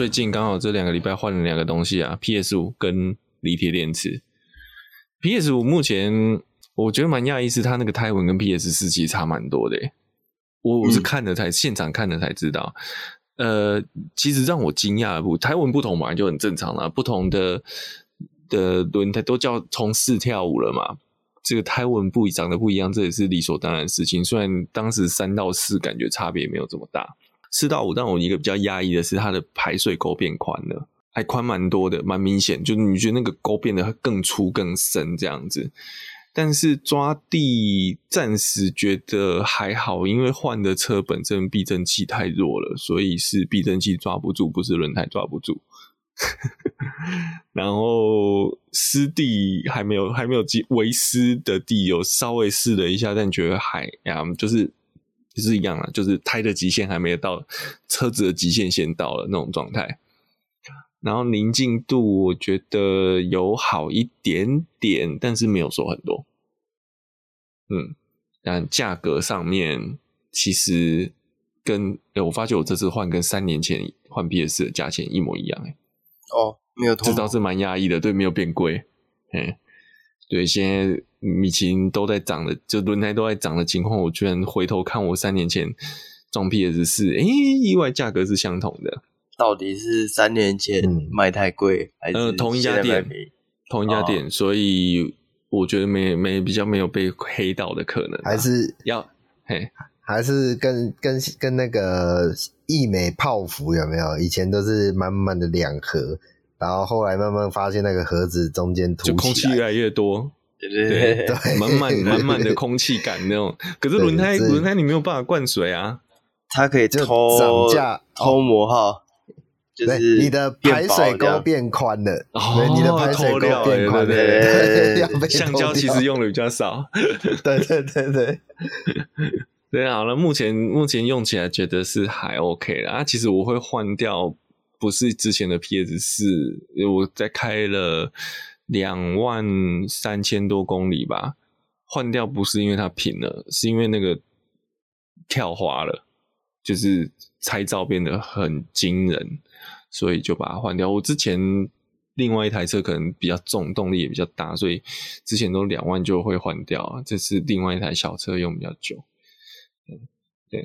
最近剛好這兩個禮拜換了兩個東西啊，P S 五跟鋰鐵電池。P S 五目前我覺得蠻訝異，是它那個胎紋跟 P S 四其實差蠻多的。我我是看了才、嗯、現場看了才知道，呃，其實讓我驚訝的不胎紋不同嘛，就很正常了。不同的的輪胎都叫從四跳舞了嘛，這個胎紋不長得不一樣，這也是理所當然的事情。雖然當時三到四感覺差別沒有這麼大。四到五，但我一個比較壓抑的是，它的排水溝變寬了，還寬蠻多的，蠻明顯。就你覺得那個溝變得更粗更深這樣子，但是抓地暫時覺得還好，因為換的車本身避震器太弱了，所以是避震器抓不住，不是輪胎抓不住。 然後濕地還沒有還沒有及微濕的地，有稍微試了一下，但覺得還、嗯、就是。就是一樣的，就是胎的極限還沒有到，車子的極限先到了那種狀態。然後寧靜度我覺得有好一點點，但是沒有說很多。嗯，但價格上面其實跟……欸、我發覺我這次換跟三年前換 PS4 的價錢一模一樣、欸、哦，沒有通，這倒是蠻訝異的，對，沒有變貴、欸。對，現在。米奇林都在漲的，就輪胎都在漲的情況，我居然回頭看我三年前裝 PS4，誒意外價格是相同的。到底是三年前賣太貴，嗯，還是、嗯，同一家店？同一家店，哦，所以我覺得沒沒比較沒有被黑到的可能。還是要、yeah. 嘿，還是跟跟跟那個義美泡芙有沒有？以前都是滿滿的兩盒，然後後來慢慢發現那個盒子中間凸起來就空氣越來越多。對對，滿滿滿滿的空氣感那種。可是輪胎輪胎你沒有辦法灌水啊對對對對，它可以就漲價偷模哈。就是對你的排水溝變寬了、哦，對，你的排水溝變寬了、哦。對對對,對，橡膠其實用的比較少。對對對對，對，好了，目前目前用起來覺得是還 OK 的啊。其實我會換掉，不是之前的 PS 四，因為我在開了。兩萬三千多公里吧，換掉不是因為它平了，是因為那個跳滑了，就是胎噪變得很驚人，所以就把它換掉。我之前另外一台車可能比較重，動力也比較大，所以之前都兩萬就會換掉、啊。這次另外一台小車用比較久，對，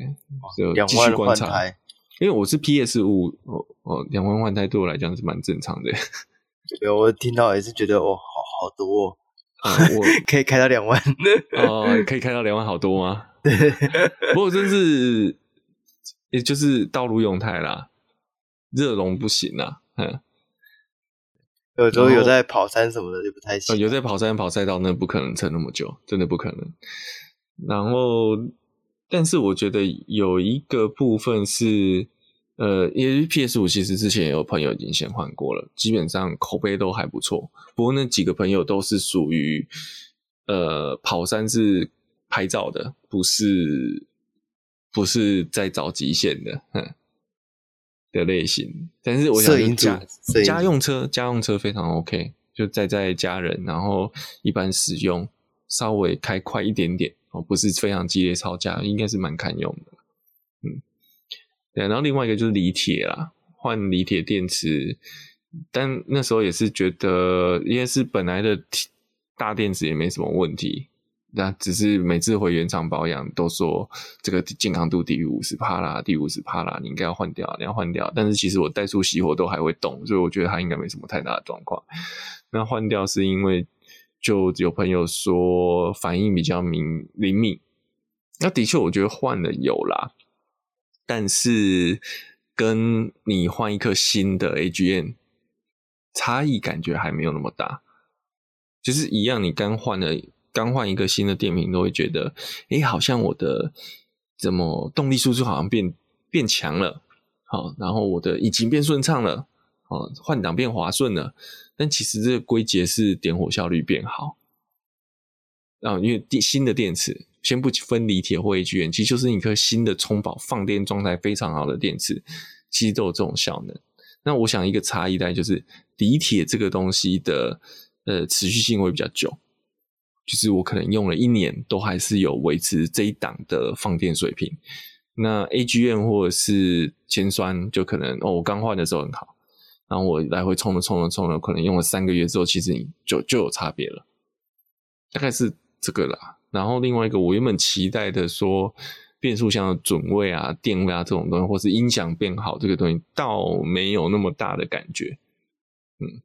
就繼續觀察、哦、換胎。因為我是 P S 五，哦，兩萬換胎對我來講是蠻正常的。有，我聽到也是覺得哦，好好多、哦嗯，我 可以開到兩萬哦，可以開到兩萬好多嗎？對，不過真是，也就是道路用胎啦，熱熔不行啦。嗯，有時候有在跑山什麼的就不太行、啊呃，有在跑山跑賽道那不可能撐那麼久，真的不可能。然後，但是我覺得有一個部分是，呃，因為 P S 五其實之前也有朋友已經先換過了，基本上口碑都還不錯。不過那幾個朋友都是屬於呃跑山是拍照的，不是不是在找極限的，哼的類型。但是我想家、就是、家用車家用車非常 O、OK, K，就載載家人，然後一般使用，稍微開快一點點哦，不是非常激烈操駕，應該是蠻堪用的。對、啊，然後另外一個就是鋰鐵啦，換鋰鐵電池，但那時候也是覺得，因為是本來的大電池也沒什麼問題，那只是每次回原廠保養都說這個健康度低於五十趴啦，低於五十趴啦，你應該要換掉、啊，你要換掉、啊。但是其實我怠速熄火都還會動，所以我覺得它應該沒什麼太大的狀況。那換掉是因為就有朋友說反應比較敏靈敏，那的確我覺得換了有啦。但是，跟你換一顆新的 AGN，差異感覺還沒有那麼大，就是一樣。你剛換了，剛換一個新的電瓶，都會覺得，誒、欸，好像我的怎麼動力輸出好像變變強了，好、哦，然後我的引擎變順暢了，哦，換擋變滑順了。但其實這個歸結是點火效率變好，啊，因為電新的電池。先不分鋰鐵或 AGM，其實就是一顆新的充飽放電狀態非常好的電池，其實都有這種效能。那我想一個差異在就是，鋰鐵這個東西的呃持續性會比較久，就是我可能用了一年都還是有維持這一檔的放電水平。那 AGM 或者是鉛酸，就可能哦，我剛換的時候很好，然後我來回衝了衝了衝了，可能用了三個月之後，其實你就就有差別了，大概是這個啦。然後另外一個，我原本期待的說變速箱的準位啊、電位啊這種東西，或是音響變好這個東西，倒沒有那麼大的感覺。嗯，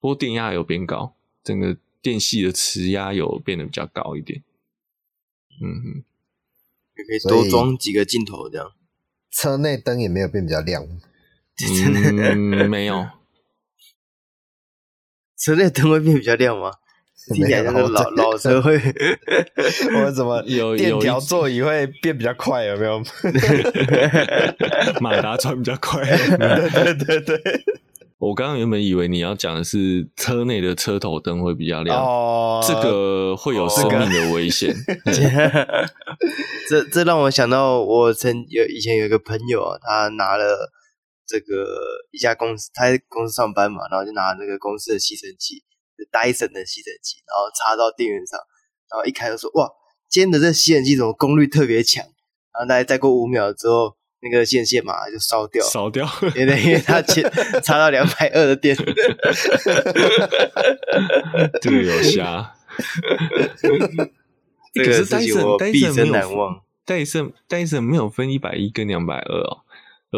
不過電壓有變高，整個電系的磁壓有變得比較高一點。嗯，也可以多裝幾個鏡頭這樣。車內燈也沒有變比較亮，真、嗯、的 沒有。車內燈會變比較亮嗎？什麼老老，老車會？ 我怎麼有？電調座椅會變比較快，有沒有，有？馬達轉比較快。 對對對對。我剛剛原本以為你要講的是車內的車頭燈會比較亮哦，這個會有生命的危險、哦。這個嗯、 這，這讓我想到，我曾有以前有一個朋友、啊、他拿了這個一家公司，他在公司上班嘛，然後就拿了那個公司的吸塵器。戴森的吸塵器，然後插到電源上，然後一開始就說哇，今天的這個吸塵器怎麼功率特別強？然後大概再過五秒之後，那個線線馬上就燒掉了，燒掉了，對，因，因為它插 插到兩百二的電，這 個有瞎， 這個我畢生難忘。可是戴森戴森沒忘。戴森戴森沒有分一百一跟兩百二哦。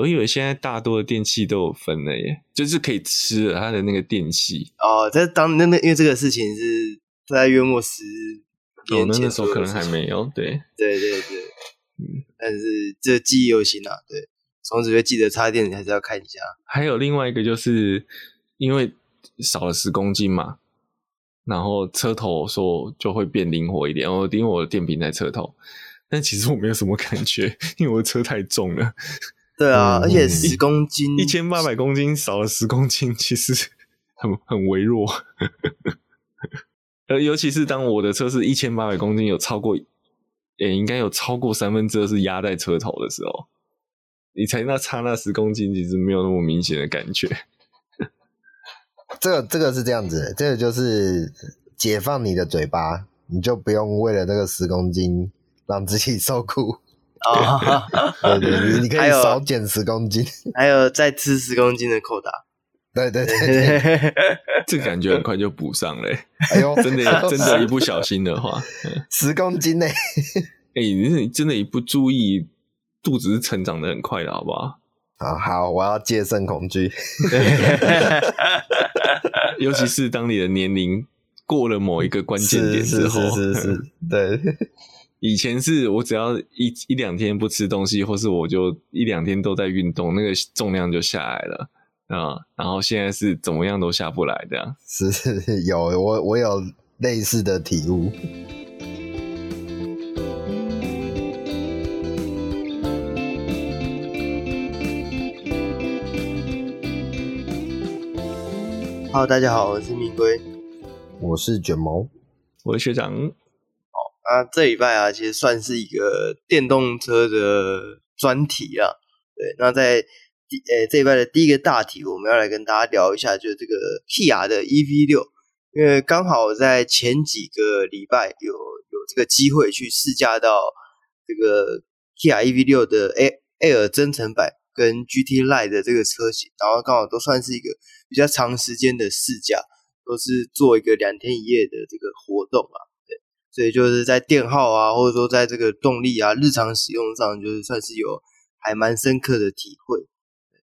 我以為現在大多的電器都有分了耶，就是可以吃了它的那個電器。哦，在當那那因為這個事情是在月末時的，我、哦、那，那時候可能還沒有，對，對對對，嗯，但是這個、記憶猶新啦。對，從此會記得插電你還是要看一下。還有另外一個就是因為少了十公斤嘛，然後車頭說就會變靈活一點哦，然後因為我的電瓶在車頭，但其實我沒有什麼感覺，因為我的車太重了。對啊、嗯，而且十公斤，一千八百公斤少了十公斤，其實很很微弱。呃， 尤其是當我的車是一千八百公斤，有超過，也、欸、應該有超過三分之二是壓在車頭的時候，你才那差那十公斤，其實沒有那麼明顯的感覺。 這個這個是這樣子，這個就是解放你的嘴巴，你就不用為了那個十公斤讓自己受苦。啊，哈、哦、哈、哦嗯、你可以少減十公斤，還有， 還有再吃十公斤的扣打，對對對， 這感覺很快就補上嘞、欸。哎呦，真的 真的，一不小心的話，十、嗯、公斤呢、欸？哎、欸，你真的真的，一不注意，肚子是成長的很快的，好不好？啊，好，我要戒慎恐懼， 對對對對 尤其是當你的年齡過了某一個關鍵點之後，是是是，是，是，是、嗯，對。以前是我只要一一,一兩天不吃東西，或是我就一兩天都在運動，那個重量就下來了啊、嗯。然後現在是怎麼樣都下不來的。是 有我我有類似的體悟。好， Hello, 大家好，我是命龜，我是捲毛，我是學長。啊，這禮拜啊，其實算是一個電動車的專題啦。對，那在第呃、欸、這禮拜的第一個大題，我們要來跟大家聊一下，就是、這個 Kia 的 EV6，因為剛好在前幾個禮拜有有這個機會去試駕到這個 Kia EV6 的 A Air 增程版、跟 GT-Line 的這個車型，然後剛好都算是一個比較長時間的試駕，都是做一個兩天一夜的這個活動啊。所以就是在電耗啊，或者說在這個動力啊、日常使用上，就是算是有還蠻深刻的體會。對。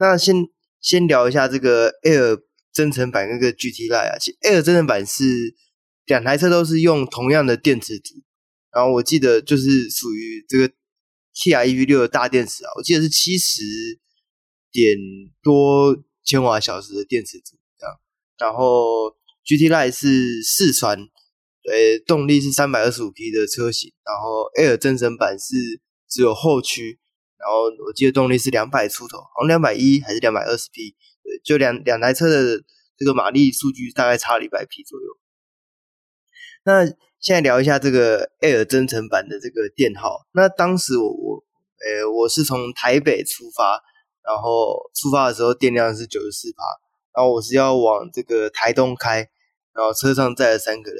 那先先聊一下這個 Air 增程版、那個 GT Line 啊，其實 Air 增程版，是兩台車都是用同樣的電池組，然後我記得就是屬於這個 TREV 六的大電池啊，我記得是七十點多千瓦小時的電池組這樣，然後 GT Line 是四川對，動力是三百二十五匹的車型，然後 Air 增程版，是只有後驅，然後我記得動力是兩百出頭，好像兩百一還是兩百二十匹，對，就兩兩台車的這個馬力數據大概差了一百匹左右。那現在聊一下這個 Air 增程版的這個電耗。那當時我我誒、欸、我是從台北出發，然後出發的時候電量是九十四趴，然後我是要往這個台東開，然後車上載了三個人。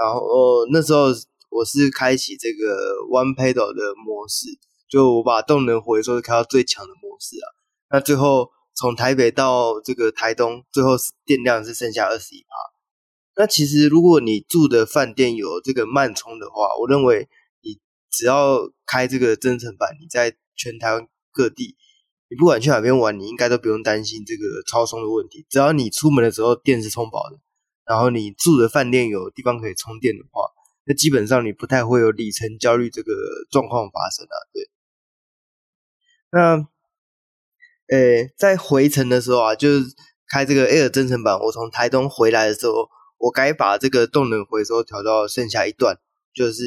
然後，哦，那時候我是開啟這個 One Pedal 的模式，就我把動能回收開到最強的模式啊。那最後從台北到這個台東，最後電量是剩下二十一趴。那其實如果你住的飯店有這個慢充的話，我認為你只要開這個增程版，你在全台灣各地，你不管去哪邊玩，你應該都不用擔心這個超充的問題。只要你出門的時候電是充飽的。然後你住的飯店有地方可以充電的話，那基本上你不太會有里程焦慮這個狀況發生啊。對，那，誒在回程的時候啊，就是開這個 Air 增程版，我從台東回來的時候，我該把這個動能回收調到剩下一段。就是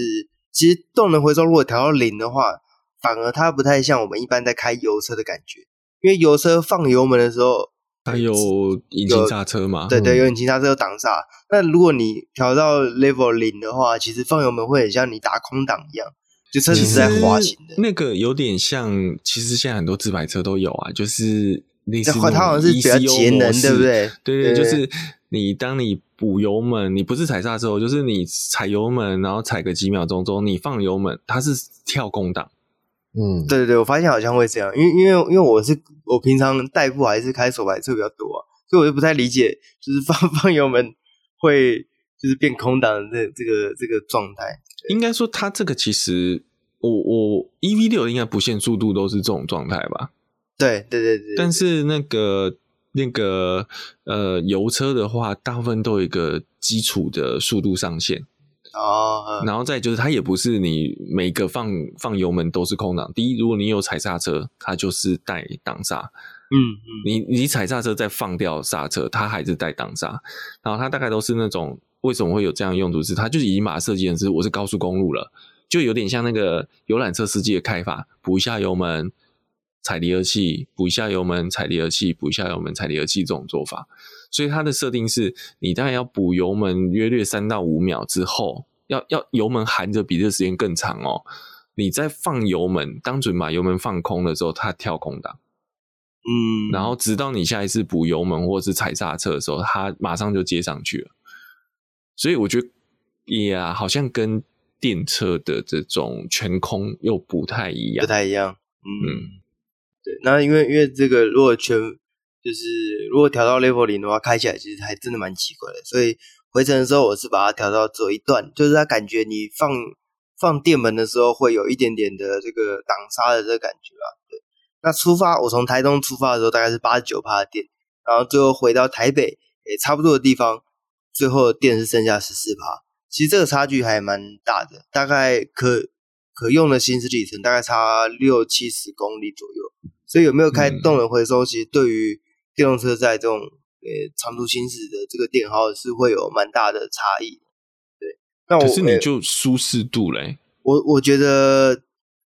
其實動能回收如果調到零的話，反而它不太像我們一般在開油車的感覺，因為油車放油門的時候。它有引擎剎車嘛？對對，有引擎剎車，有擋煞。那、嗯、如果你調到 level 零的話，其實放油門會很像你打空擋一樣，就車子是在滑行的。那個有點像，其實現在很多自排車都有啊，就是類似那種它好像是比較節能，對不對？對對，對，就是你當你補油門，你不是踩剎車時候，就是你踩油門，然後踩個幾秒鐘鐘，你放油門，它是跳空檔。嗯，對對對，我發現好像會這樣，因為因為因為我是我平常代步還是開手排車比較多啊，所以我就不太理解，就是放放油門會就是變空檔的這個這個狀態。應該說，它這個其實我我 EV6 應該不限速度都是這種狀態吧？對對對，對對對。但是那個那個呃油車的話，大部分都有一個基礎的速度上限。哦、oh, okay.，然後再就是，它也不是你每個放放油門都是空擋。第一，如果你有踩剎車，它就是帶擋剎。嗯、mm -hmm.，你你踩剎車再放掉剎車，它還是帶擋剎。然後它大概都是那種，為什麼會有這樣用途是？是它就已經把它設計成是，我是高速公路了，就有點像那個遊覽車司機的開法，補一下油門。踩離合器，補一下油門；踩離合器，補一下油門；踩離合器，這種做法。所以它的設定是，你當然要補油門約略三到五秒之後，要要油門含着比這個時間更長哦。你再放油門，當準把油門放空的時候，它跳空檔。嗯，然後直到你下一次補油門或者是踩剎車的時候，它馬上就接上去了。所以我覺得，哎呀，好像跟電車的這種全空又不太一樣，不太一樣。嗯。嗯。對，那因為因為這個，如果全就是如果調到 level 零的話，開起來其實還真的蠻奇怪的。所以回程的時候，我是把它調到左一段，就是它感覺你放放電門的時候，會有一點點的這個擋煞的這個感覺啊。對，那出發我從台東出發的時候，大概是八十九趴的電，然後最後回到台北也差不多的地方，最後的電是剩下十四趴，其實這個差距還蠻大的，大概可可用的行駛里程大概差六七十公里左右。所以有沒有開動能回收？嗯，其實對於電動車在這種呃長途行駛的這個電耗是會有蠻大的差異。對，那我可是你就舒適度嘞？我我覺得，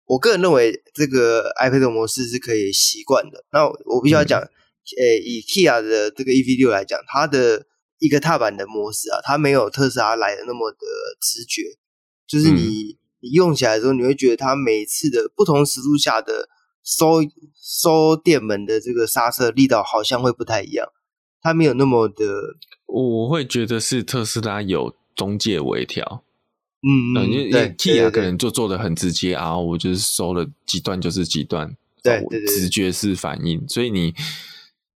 我個人認為這個 i ipad 的模式是可以習慣的。那我必須要講，呃、嗯欸，以 k i a 的這個 EV 六來講，它的一個踏板的模式啊，它沒有特斯拉來的那麼的直覺，就是你、嗯、你用起來之後，你會覺得它每次的不同時速下的。收收電門的這個剎車力道好像會不太一樣，它沒有那麼的。我會覺得是特斯拉有中介微調，嗯嗯，對，起亞可能就做得很直接啊，對對對，我就是收了幾段就是幾段，對，對，對直覺式反應，所以你。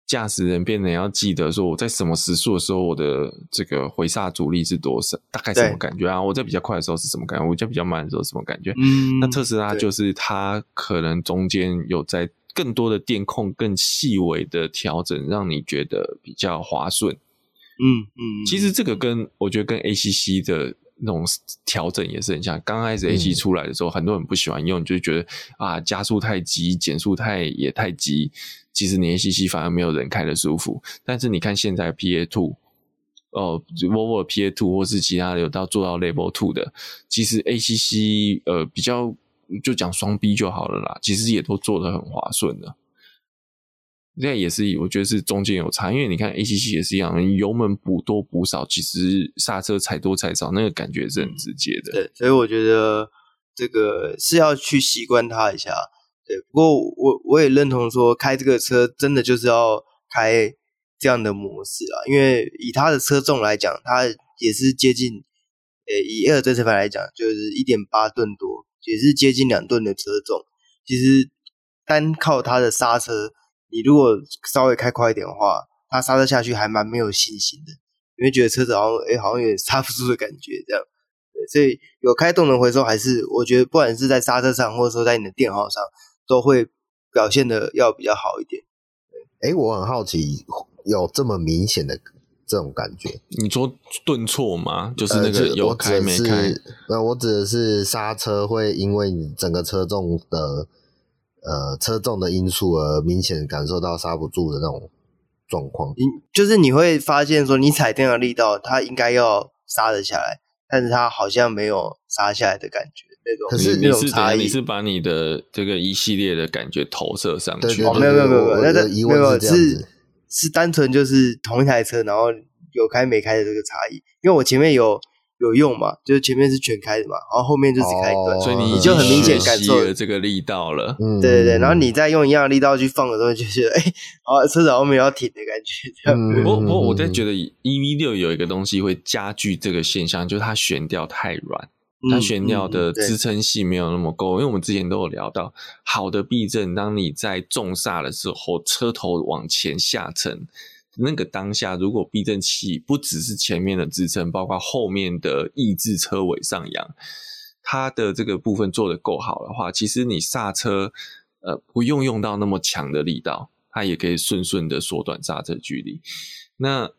駕駛人變得要記得說我在什麼時速的時候，我的這個回煞阻力是多少？大概什麼感覺啊？我在比較快的時候是什麼感覺？我在比，比較慢的時候是什麼感覺？嗯，那特斯拉就是它可能中間有在更多的電控、更細微的調整，讓你覺得比較滑順。嗯嗯，其實這個跟我覺得跟 A C C 的那種調整也是很像。剛開始 A C 出來的時候，很多人不喜歡用，就覺得啊，加速太急，減速太也太急。其實你 A C C 反而沒有人開得舒服，但是你看現在 P A Two 哦，呃，Volvo P A Two 或是其他的有到做到 Level Two 的，其實 A C C 呃，比較就講雙 B 就好了啦，其實也都做得很滑順的。那也是我覺得是中間有差，因為你看 A C C 也是一樣，油門補多補少，其實剎車踩多踩少，那個感覺是很直接的。對，所以我覺得這個是要去習慣它一下。對，不過我我也認同說開這個車真的就是要開這樣的模式啊，因為以它的車重來講，它也是接近，誒，以 Air 車版來講，就是一點八噸多，也是接近兩噸的車重。其實單靠它的剎車，你如果稍微開快一點的話，它剎車下去還蠻沒有信心的，你會覺得車子好像誒好像有點剎不住的感覺這樣。對，所以有開動能回收，還是我覺得不管是在剎車上，或者說在你的電耗上。都會表現得要比較好一點。哎、欸，我很好奇，有這麼明顯的這種感覺？你說頓挫嗎？就是那個、呃、有開沒開？那我指的是剎車會因為你整個車重的呃車重的因素而明顯感受到剎不住的那種狀況。因、嗯、就是你會發現說，你踩電的力道，它應該要剎得下來，但是它好像沒有剎下來的感覺。那種可是那種差你，你是你是把你的這個一系列的感覺投射上去對對對。哦，沒有沒有沒有那個疑問是那沒有，是是單純就是同一台車，然後有開沒開的這個差異。因為我前面有有用嘛，就是前面是全開的嘛，然後後面就是開一段。哦，所以你就很明顯感覺了這個力道了。嗯，對對對，然後你再用一樣的力道去放的時候，就覺得哎，後、欸、車子後面要停的感覺。不不、嗯哦哦，我在覺得 EV6 有一個東西會加劇這個現象，就是它懸吊太軟。它懸吊的支撐性沒有那麼夠，因為我們之前都有聊到，好的避震，當你在重剎的時候，車頭往前下沉，那個當下如果避震器不只是前面的支撐，包括後面的抑制車尾上揚，它的這個部分做得夠好的話，其實你剎車呃不用用到那麼強的力道，它也可以順順的縮短剎車距離。那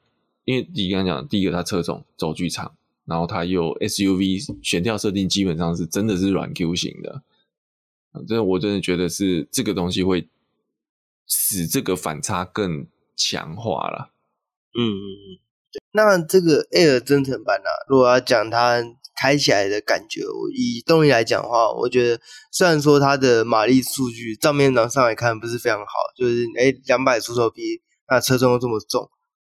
因為你剛剛講，第一個它車重，軸距長。然後它又 SUV 懸吊設定基本上是真的是軟 Q 型的，真的我真的覺得是這個東西會使這個反差更強化了。嗯嗯嗯。那這個 Air 增程版呢、啊？如果要講它開起來的感覺，我以動力來講的話，我覺得雖然說它的馬力數據賬面上上來看不是非常好，就是哎兩百出頭匹，那車重又這麼重，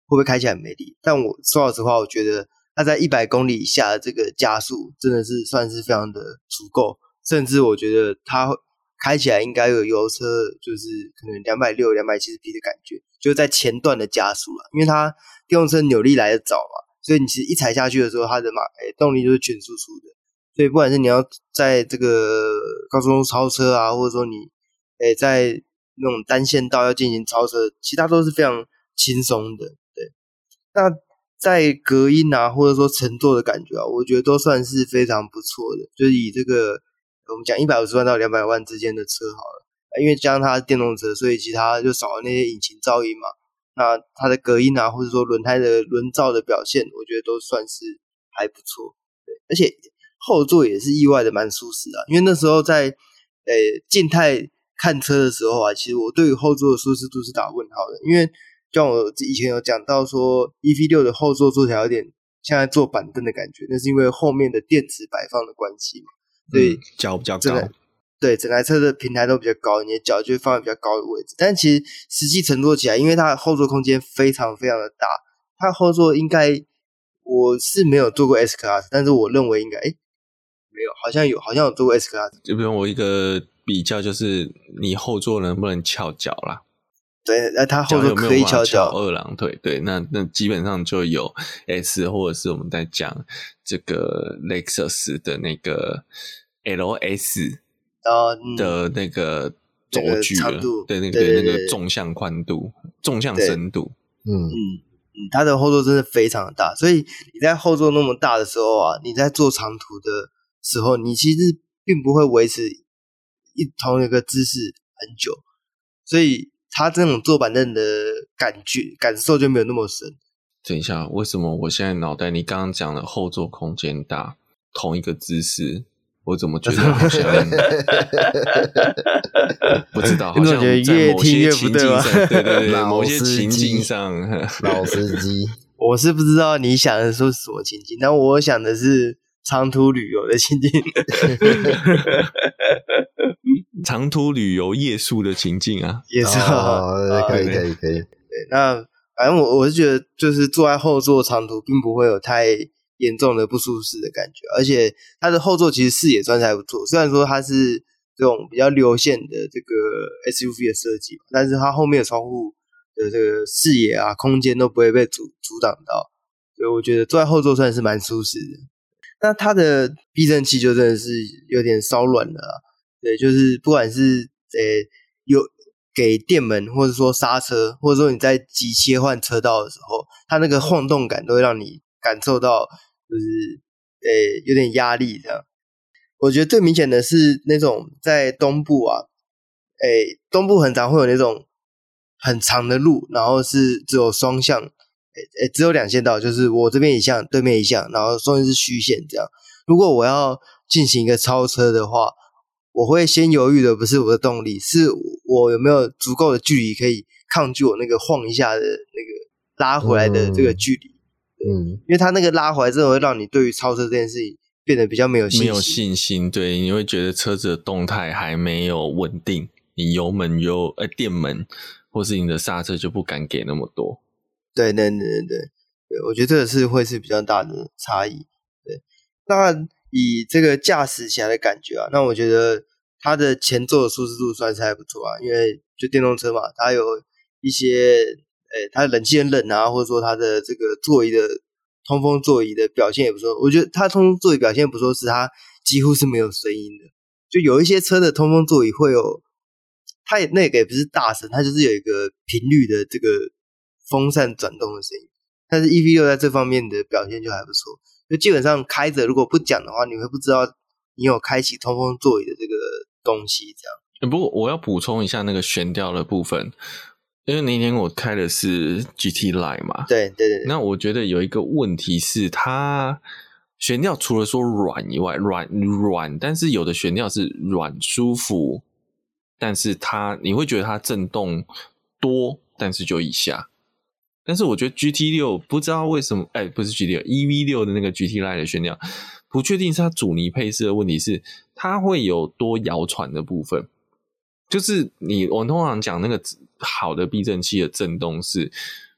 會不會開起來很沒力？但我說老實話，我覺得。它在一百公里以下的這個加速，真的是算是非常的足夠，甚至我覺得它開起來應該有油車，就是可能兩百六、兩百七十匹的感覺，就在前段的加速了。因為它電動車扭力來的早嘛，所以你其實一踩下去的時候，它的馬誒、哎、動力就是全輸出的。所以不管是你要在這個高速超車啊，或者說你誒、哎、在那種單線道要進行超車，其他都是非常輕鬆的。對，那。在隔音啊，或者說乘坐的感覺啊，我覺得都算是非常不錯的。就是以這個，我們講一百五十萬到兩百萬之間的車好了，因為加上它是電動車，所以其他就少了那些引擎噪音嘛。那它的隔音啊，或者說輪胎的輪噪的表現，我覺得都算是還不錯，對。而且後座也是意外的蠻舒適啊。因為那時候在呃靜態看車的時候啊，其實我對於後座的舒適度是打問號的，因為。就像我以前有講到說，EV6 的後座坐起來有點像在坐板凳的感覺，那是因為後面的電池擺放的關係嘛？對，腳、嗯、比較高，對，整台車的平台都比較高，你的腳就會放在比較高的位置。但其實實際乘坐起來，因為它的後座空間非常非常的大，它後座應該我是沒有做過 S Class，但是我認為應該哎、欸，沒有，好像有，好像有做過 S Class。就比如我一個比較，就是你後座能不能翹腳啦？對，那它後座可以翹翹、啊、二郎腿。對，那那基本上就有 S，或者是我們在講這個雷克薩斯的那個 LS，然後的那個軸距、嗯那個長度對，那個、對對對，那個那個縱向寬度、縱向深度，嗯嗯，它的後座真的非常的大。所以你在後座那麼大的時候啊，你在坐長途的時候，你其實並不會維持一同一個姿勢很久，所以。他這種坐板凳的感覺、感受就沒有那麼深。等一下，為什麼我現在腦袋你剛剛講的後座空間大，同一個姿勢，我怎麼覺得好像 我不知道？ 好像在某些情境上，越聽越不對，對，對，對，某些情境上，老司機。我是不知道你想的是什麼情境， 但我想的是長途旅遊的情境。 長途旅遊夜宿的情境啊，夜宿、哦哦、可以可以、啊、可以。對，對對對，那反正我我是覺得，就是坐在後座長途，並不會有太嚴重的不舒適的感覺。而且它的後座其實視野算是還不錯，雖然說它是這種比較流線的這個 SUV 的設計，但是它後面的窗戶的這個視野啊，空間都不會被阻阻擋到，所以我覺得坐在後座算是蠻舒適的。那它的避震器就真的是有點稍軟了、啊。對，就是不管是誒、欸、有給電門，或者說剎車，或者說你在急切換車道的時候，它那個晃動感都會讓你感受到，就是誒、欸、有點壓力這樣。我覺得最明顯的是那種在東部啊，誒、欸、東部很常會有那種很長的路，然後是只有雙向誒誒、欸、只有兩線道，就是我這邊一向，對面一向，然後中間是虛線這樣。如果我要進行一個超車的話。我會先猶豫的，不是我的動力，是我有沒有足夠的距離可以抗拒我那個晃一下的那個拉回來的這個距離。嗯，嗯，因為它那個拉回來之後會讓你對於超車這件事情變得比較沒有信心。沒有信心，對，你會覺得車子的動態還沒有穩定，你油門油呃、哎、電門或是你的剎車就不敢給那麼多。對對對對對，對，對，我覺得這個是會是比較大的差異。對，對那。以這個駕駛起來的感覺啊，那我覺得它的前座的舒適度算是還不錯啊，因為就電動車嘛，它有一些，誒、哎，它冷氣很冷啊，或者說它的這個座椅的通風座椅的表現也不錯。我覺得它通風座椅表現不錯，是它幾乎是沒有聲音的。就有一些車的通風座椅會有，它也那個也不是大聲，它就是有一個頻率的這個風扇轉動的聲音。但是 EV6 在這方面的表現就還不錯。就基本上開着，如果不講的話，你會不知道你有開啟通風座椅的這個東西。這樣，不過我要補充一下那個懸吊的部分，因為那天我開的是 GT Line 嘛。對對對，對。那我覺得有一個問題是，它懸吊除了說軟以外，軟軟，但是有的懸吊是軟舒服，但是它你會覺得它震動多，但是就以下。但是我覺得 GT 六不知道為什麼，哎、欸，不是 GT 6，EV6 的那個 GT Line 的懸吊，不確定是它阻尼配色的問題是是它會有多搖傳的部分。就是你，我們通常講那個好的避震器的震動是，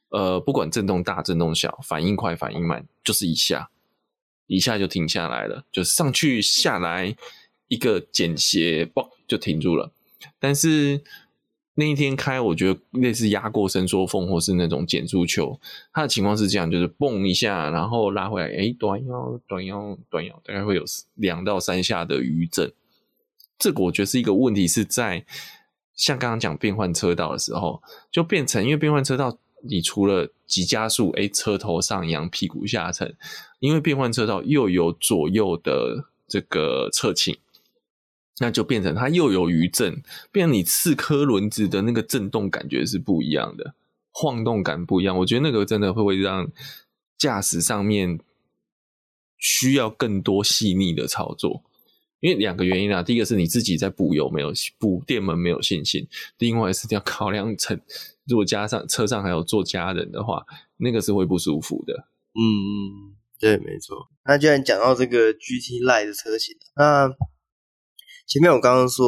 呃，不管震動大震動小，反應快反應慢，就是一下，一下就停下來了，就是上去下來一個簡諧，嘣，就停住了。但是那一天開，我覺得類似壓過伸縮縫或是那種減速球，它的情況是這樣，就是蹦一下，然後拉回來，誒，短腰短腰短腰，大概會有兩到三下的餘震。這個我覺得是一個問題，是在像剛剛講變換車道的時候，就變成因為變換車道，你除了急加速，誒，車頭上揚，屁股下沉，因為變換車道又有左右的這個側傾。那就變成它又有餘震，變成你四顆輪子的那個震動感覺是不一樣的，晃動感不一樣。我覺得那個真的會讓駕駛上面需要更多細膩的操作，因為兩個原因啊。第一個是你自己在補油沒有補電門沒有信心，另外是要考量，成如果加上車上還有坐家人的話，那個是會不舒服的。嗯嗯，對，沒錯。那既然講到這個 GT Line 的車型，那。前面我剛剛說，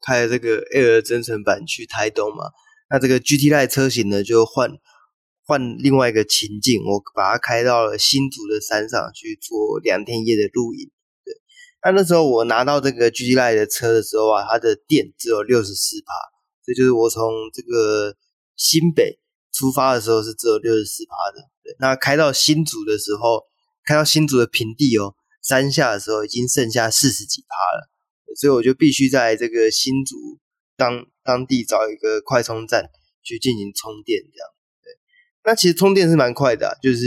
開了這個 Air 增程版，去台東嘛，那這個 GT-Line 車型呢，就換換另外一個情境，我把它開到了新竹的山上去做兩天一夜的露營。對，那那時候我拿到這個 GT-Line 的車的時候啊，它的電只有六十四趴，這就是我從這個新北出發的時候是只有六十四趴的。對，那開到新竹的時候，開到新竹的平地哦，山下的時候已經剩下四十幾趴了。所以我就必須在這個新竹當當地找一個快充站去進行充電，這樣。對，那其實充電是蠻快的，啊，就是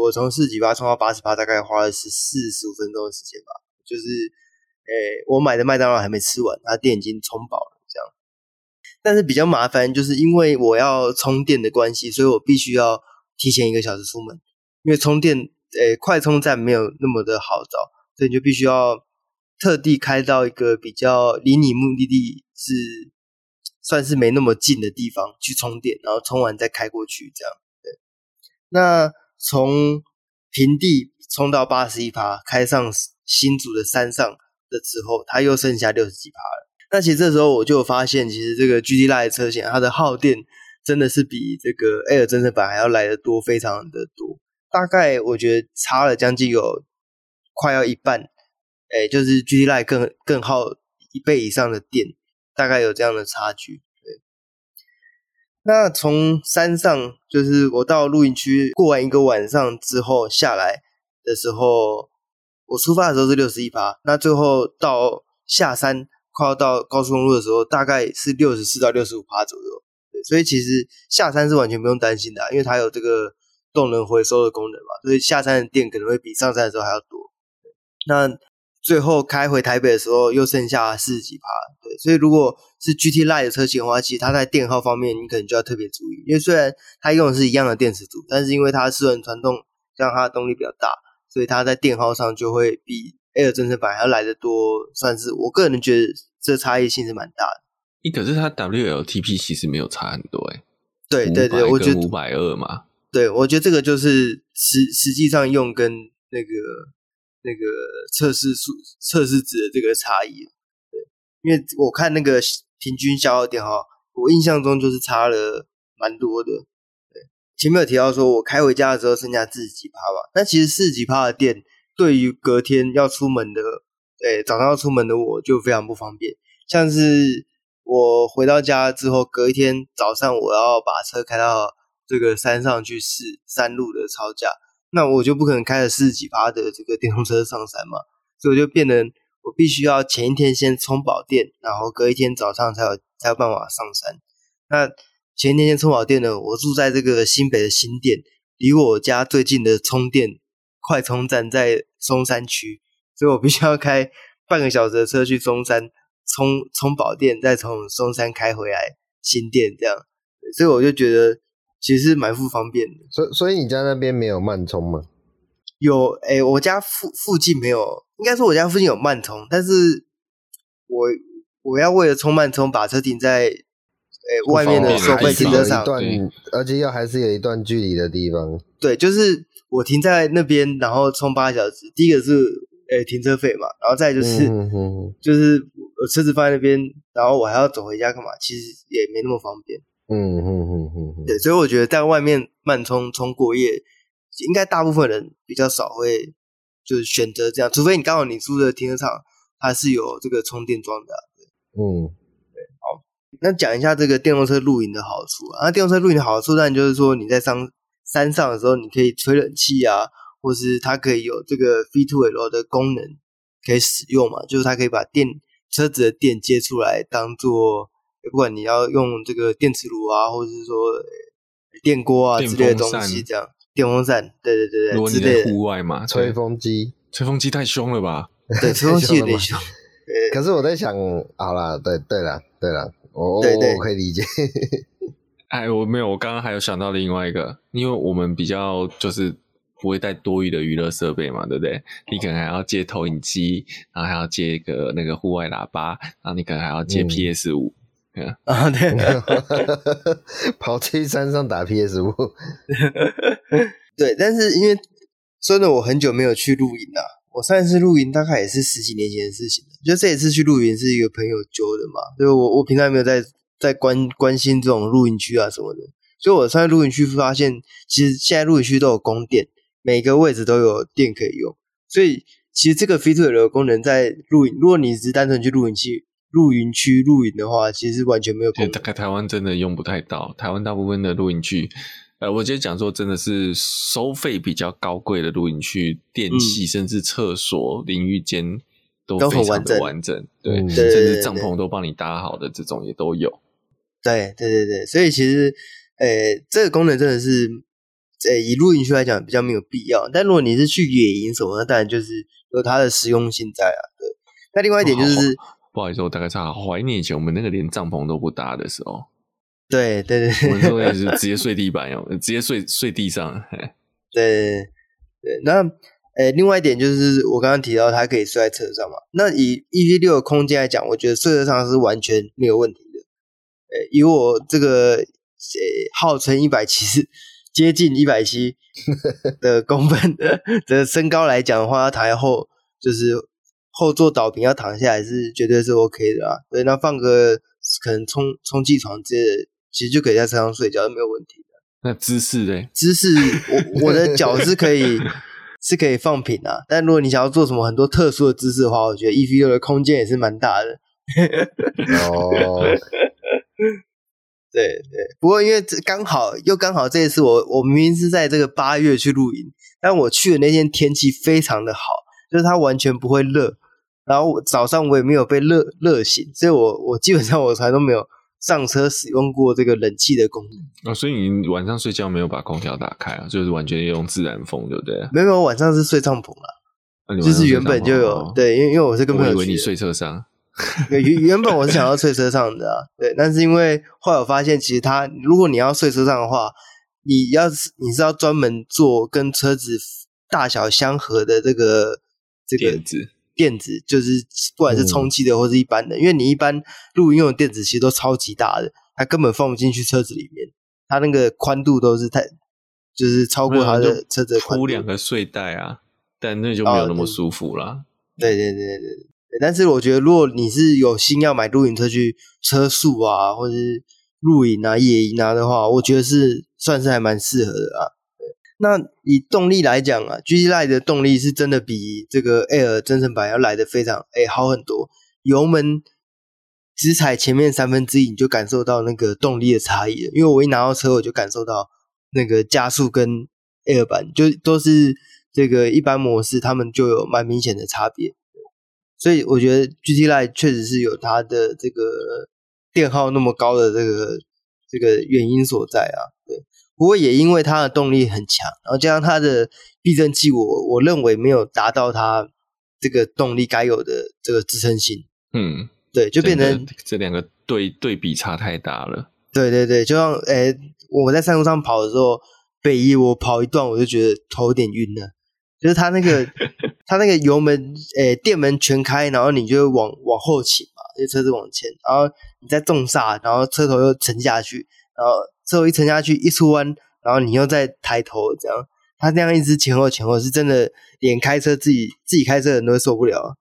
我從四十八充到八十八大概花了十四十五分鐘的時間吧。就是，誒、欸，我買的麥當勞還沒吃完，它電已經充飽了，這樣。但是比較麻煩，就是因為我要充電的關係，所以我必須要提前一個小時出門，因為充電誒、欸、快充站沒有那麼的好找，所以你就必須要。特地開到一個比較離你目的地是算是沒那麼近的地方去充電，然後充完再開過去。這樣對。那從平地充到八十一趴，開上新竹的山上的時候，它又剩下六十幾趴了。那其實這時候我就有發現，其實這個 GT Line 車型它的耗電真的是比這個 Air 正式版還要來得多，非常的多。大概我覺得差了將近有快要一半。哎、欸，就是 GT Line 更更耗一倍以上的電，大概有這樣的差距。對，那從山上就是我到露營區過完一個晚上之後下來的時候，我出發的時候是六十一趴，那最後到下山快要到高速公路的時候，大概是六十四到六十五趴左右。對，所以其實下山是完全不用擔心的，啊，因為它有這個動能回收的功能嘛，所以下山的電可能會比上山的時候還要多。對，那。最後開回台北的時候，又剩下四十幾趴。對，所以如果是 GT Line 的車型的話，其實它在電耗方面，你可能就要特別注意，因為雖然它用的是一樣的電池組，但是因為它四輪傳動，讓它的動力比較大，所以它在電耗上就會比 Air 增程版要來得多。算是我個人覺得這差異性是蠻大的。一可是它 WLTP 其實沒有差很多，哎，對對對，我覺得五百二嘛，對，我覺得這個就是實實際上用跟那個。那個測試數、測試值的這個差異，對，因為我看那個平均消耗電哈，我印象中就是差了蠻多的，對。前面有提到說我開回家的時候剩下四十幾趴吧，那其實四十幾趴的電對於隔天要出門的，對，早上要出門的我就非常不方便。像是我回到家之後，隔一天早上我要把車開到這個山上去試山路的操駕。那我就不可能開着四十幾趴的這個電動車上山嘛，所以我就變成我必須要前一天先充飽電，然後隔一天早上才有才有辦法上山。那前一天先充飽電呢？我住在這個新北的新店，離我家最近的充電快充站在松山區，所以我必須要開半個小時的車去松山充充飽電，再從松山開回來新店這樣。所以我就覺得。其實蠻不方便的，所以所以你家那邊沒有慢充嗎？有，誒、欸、我家附附近沒有，應該說我家附近有慢充，但是我我要為了充慢充，把車停在，誒、欸、外面的收費、啊、停車場、嗯，而且又還是有一段距離的地方。對，就是我停在那邊，然後充八小時。第一個是、欸、停車費嘛，然後再就是、嗯、哼哼就是我車子放在那邊，然後我還要走回家幹嘛？其實也沒那麼方便。嗯嗯嗯嗯，對，所以我覺得在外面慢充充過夜，應該大部分人比較少會就是選擇這樣，除非你剛好你住的停車場它是有這個充電樁的。嗯，對，好，那講一下這個電動車露營的好處啊。電動車露營的好處，當然就是說你在上，山上的時候，你可以吹冷氣啊，或是它可以有這個 V2L 的功能可以使用嘛，就是它可以把電，車子的電接出來當做。不管你要用這個電磁爐啊，或者是說電鍋啊之類的東西，這樣電風扇，對對對對，如果你在戶外嘛，吹風機，吹風機太兇了吧？對，吹風機有點兇。可是我在想，好了，對對了，對了，我我、oh, 我可以理解。哎， 我沒有，我剛剛還有想到另外一個，因為我們比較就是不會帶多餘的娛樂設備嘛，對不對？你可能還要接投影機，然後還要接一個那個戶外喇叭，然後你可能還要接 PS 五、嗯。啊，對啊， 跑這去山上打 PS 5？ 對，但是因為真的我很久沒有去露營了、啊，我上一次露營大概也是十幾年前的事情了。就這一次去露營是一個朋友揪的嘛，就我我平常沒有在在關關心這種露營區啊什麼的。所以我上次露營區發現，其實現在露營區都有供電，每個位置都有電可以用。所以其實這個 feature 的功能在露營，如果你只是單純去露營區露營區露營的話，其實完全沒有。對，大概台灣真的用不太到。台灣大部分的露營區，呃，我覺得講說，真的是收費比較高貴的露營區，電器甚至廁所、嗯、淋浴間都非常的完整，都很完整。對，嗯、甚至帳篷都幫你搭好的這種也都有。對對對對，所以其實，欸、這個功能真的是，欸、以露營區來講比較沒有必要。但如果你是去野營什麼的，那當然就是有它的實用性在啊。對。那另外一點就是。哦不好意思，我打個岔，懷念以前我們那個連帳篷都不搭的時候。對對對，我們那時也是直接睡地板哦， 直接睡睡地上。對對，那誒，另外一點就是我剛剛提到它可以睡在車上嘛，那以 EV6 的空間來講，我覺得睡車上是完全沒有問題的。誒，以我這個誒號稱一百七十接近一百七的公分的，的身高來講的話，台後就是。後座倒平，要躺下來是絕對是 OK 的啊，所以那放個可能充充氣床之類的，其實就可以在車上睡覺都沒有問題的、啊。那姿勢嘞？姿勢，我我的腳是可以 是可以放平啊。但如果你想要做什麼很多特殊的姿勢的話，我覺得 EV6 的空間也是蠻大的。哦、 oh.，對對，不過因為這剛好又剛好這一次我我明明是在這個八月去露營，但我去的那天天氣非常的好，就是它完全不會熱。然後早上我也沒有被熱熱醒，所以我我基本上我從來都沒有上車使用過這個冷氣的功能、哦、所以你晚上睡覺沒有把空調打開啊，就是完全用自然風，對不、啊、對？沒有，沒有，我晚上是睡帳篷了、啊啊啊。就是原本就有、哦、對，因為因為我是根本以為你睡車上。 原原本我是想要睡車上的，啊，對，但是因為後來我發現，其實它如果你要睡車上的話，你要是你是要專門做跟車子大小相合的這個這個墊子。墊子，就是不管是充氣的或是一般的。嗯、因為你一般露營用的墊子其實都超級大的，它根本放不進去車子裡面，它那個寬度都是太，就是超過它的車子的寬度。鋪兩個睡袋啊，但那就沒有那麼舒服了。哦、對，對對對對，但是我覺得如果你是有心要買露營車，去車速啊，或者是露營啊、野營啊的話，我覺得是算是還蠻適合的啊。那以動力來講啊，GT Line 的動力是真的比這個 Air 增程版，要來的非常誒、欸、好很多。油門只踩前面三分之一，你就感受到那個動力的差異了。因為我一拿到車，我就感受到那個加速跟 Air 版就都是這個一般模式，他們就有蠻明顯的差別。所以我覺得 GT Line 確實是有它的這個電耗那麼高的這個這個原因所在啊，對。不過也因為它的動力很強，然後加上它的避震器我，我我認為沒有達到它這個動力該有的這個支撐性。嗯，對，就變成這兩個對對比差太大了。對對對，就像誒，我在山路上跑的時候，北宜我跑一段我就覺得頭有點暈了，就是它那個 它那個油門誒電門全開，然後你就往往後傾嘛，因車子往前，然後你再重剎，然後車頭又沉下去。然後最後一沉下去，一出彎，然後你又再抬頭，這樣，他這樣一直前後前後是真的，連開車自己自己開車的人都會受不了，啊。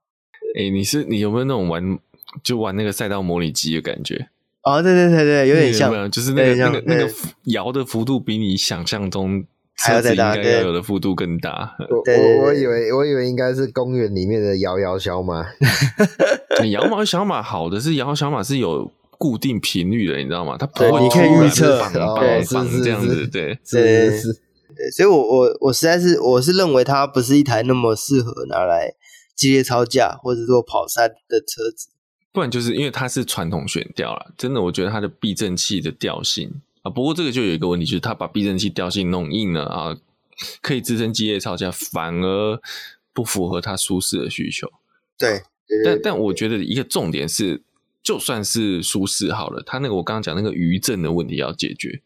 哎，欸，你是你有沒有那種玩就玩那個賽道模擬機的感覺？哦，對對對對，有點像，有沒有就是那個像那個、那個、那個搖的幅度比你想象中車子應該要有的幅度更大。大 我我，我以為我以為應該是公園裡面的搖搖小馬。 欸、搖毛小馬好的是搖小馬是有固定頻率的，你知道嗎？它不會預測就綁綁這樣子，對，是是,是對、嗯，所以我，我我我實在是我是認為它不是一台那麼適合拿來激烈操駕或者說跑山的車子。不然就是因為它是傳統懸吊了，真的，我覺得它的避震器的調性啊。不過這個就有一個問題，就是它把避震器調性弄硬了啊，可以支撐激烈操駕，反而不符合它舒適的需求。對，對對對但但我覺得一個重點是。就算是舒適好了，它那個我剛剛講那個餘震的問題要解決，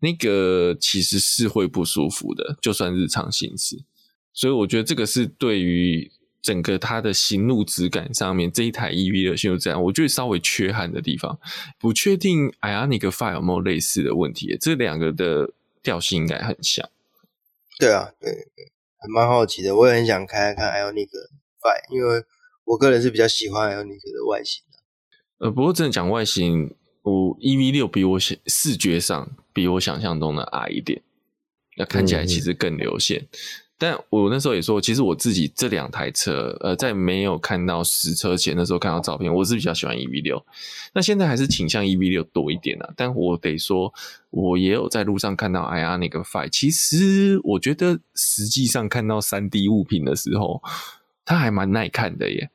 那個其實是會不舒服的，就算日常行駛。所以我覺得這個是對於整個它的行路質感上面，這一台 EV 的行路質感，我覺得稍微缺憾的地方。不確定 Ioniq 5有沒有類似的問題，這兩個的調性應該很像。對啊，對對，還蠻好奇的，我也很想看一看 Ioniq 5，因為我個人是比較喜歡 Ioniq 的外形。呃，不過真的講外形，我 EV6 比我想視覺上比我想象中的矮一點，那看起來其實更流線，嗯。但我那時候也說，其實我自己這兩台車，呃，在沒有看到實車前的時候看到照片，我是比較喜歡 EV6。那現在還是傾向 EV6 多一點啊。但我得說，我也有在路上看到 Ioniq 那個5，其實我覺得實際上看到 3D 物品的時候，它還蠻耐看的耶。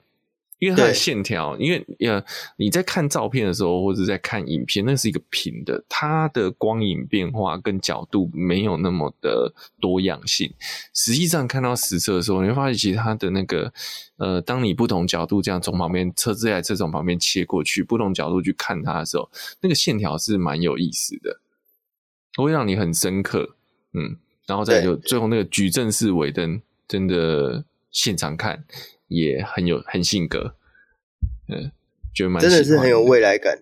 因為它的線條，因為呃，你在看照片的時候或者在看影片，那是一個平的，它的光影變化跟角度沒有那麼的多樣性。實際上看到實車的時候，你會發現其實它的那個呃，當你不同角度這樣從旁邊車子在車從旁邊切過去，不同角度去看它的時候，那個線條是蠻有意思的，會讓你很深刻。嗯，然後再就最後那個矩陣式尾燈，真的現場看也很有很性格。嗯，覺得蠻喜歡真的是很有未來感。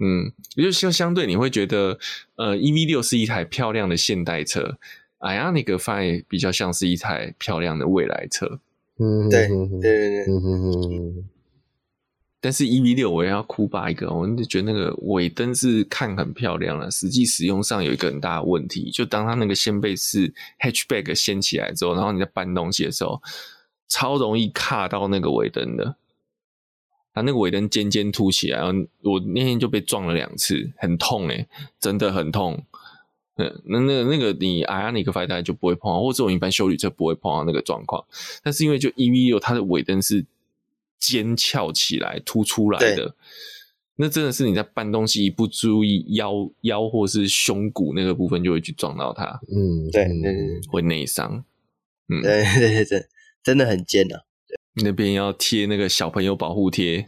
嗯，也就相相對你會覺得，呃，EV6 是一台漂亮的現代車，Ioniq Five 比較像是一台漂亮的未來車。嗯，對對對對、嗯嗯。但是 EV6 我要哭吧一個，我就覺得那個尾燈是看很漂亮了，實際使用上有一個很大的問題，就當它那個掀背式 hatchback 掀起來之後，然後你在搬東西的時候，超容易卡到那個尾燈的。它、啊、那個尾燈尖尖凸起來，然後我那天就被撞了兩次，很痛哎、欸，真的很痛。嗯，那那個、那個你 Ioniq 5那個尾燈就不會碰到，或者我一般修理車不會碰到那個狀況。但是因為就 EV6 它的尾燈是尖翹起來凸出來的，那真的是你在搬東西一不注意腰腰或是胸骨那個部分就會去撞到它。嗯，對，對，對，對，嗯，會內傷。嗯，對對對，真的很尖啊。那邊要貼那個小朋友保護貼，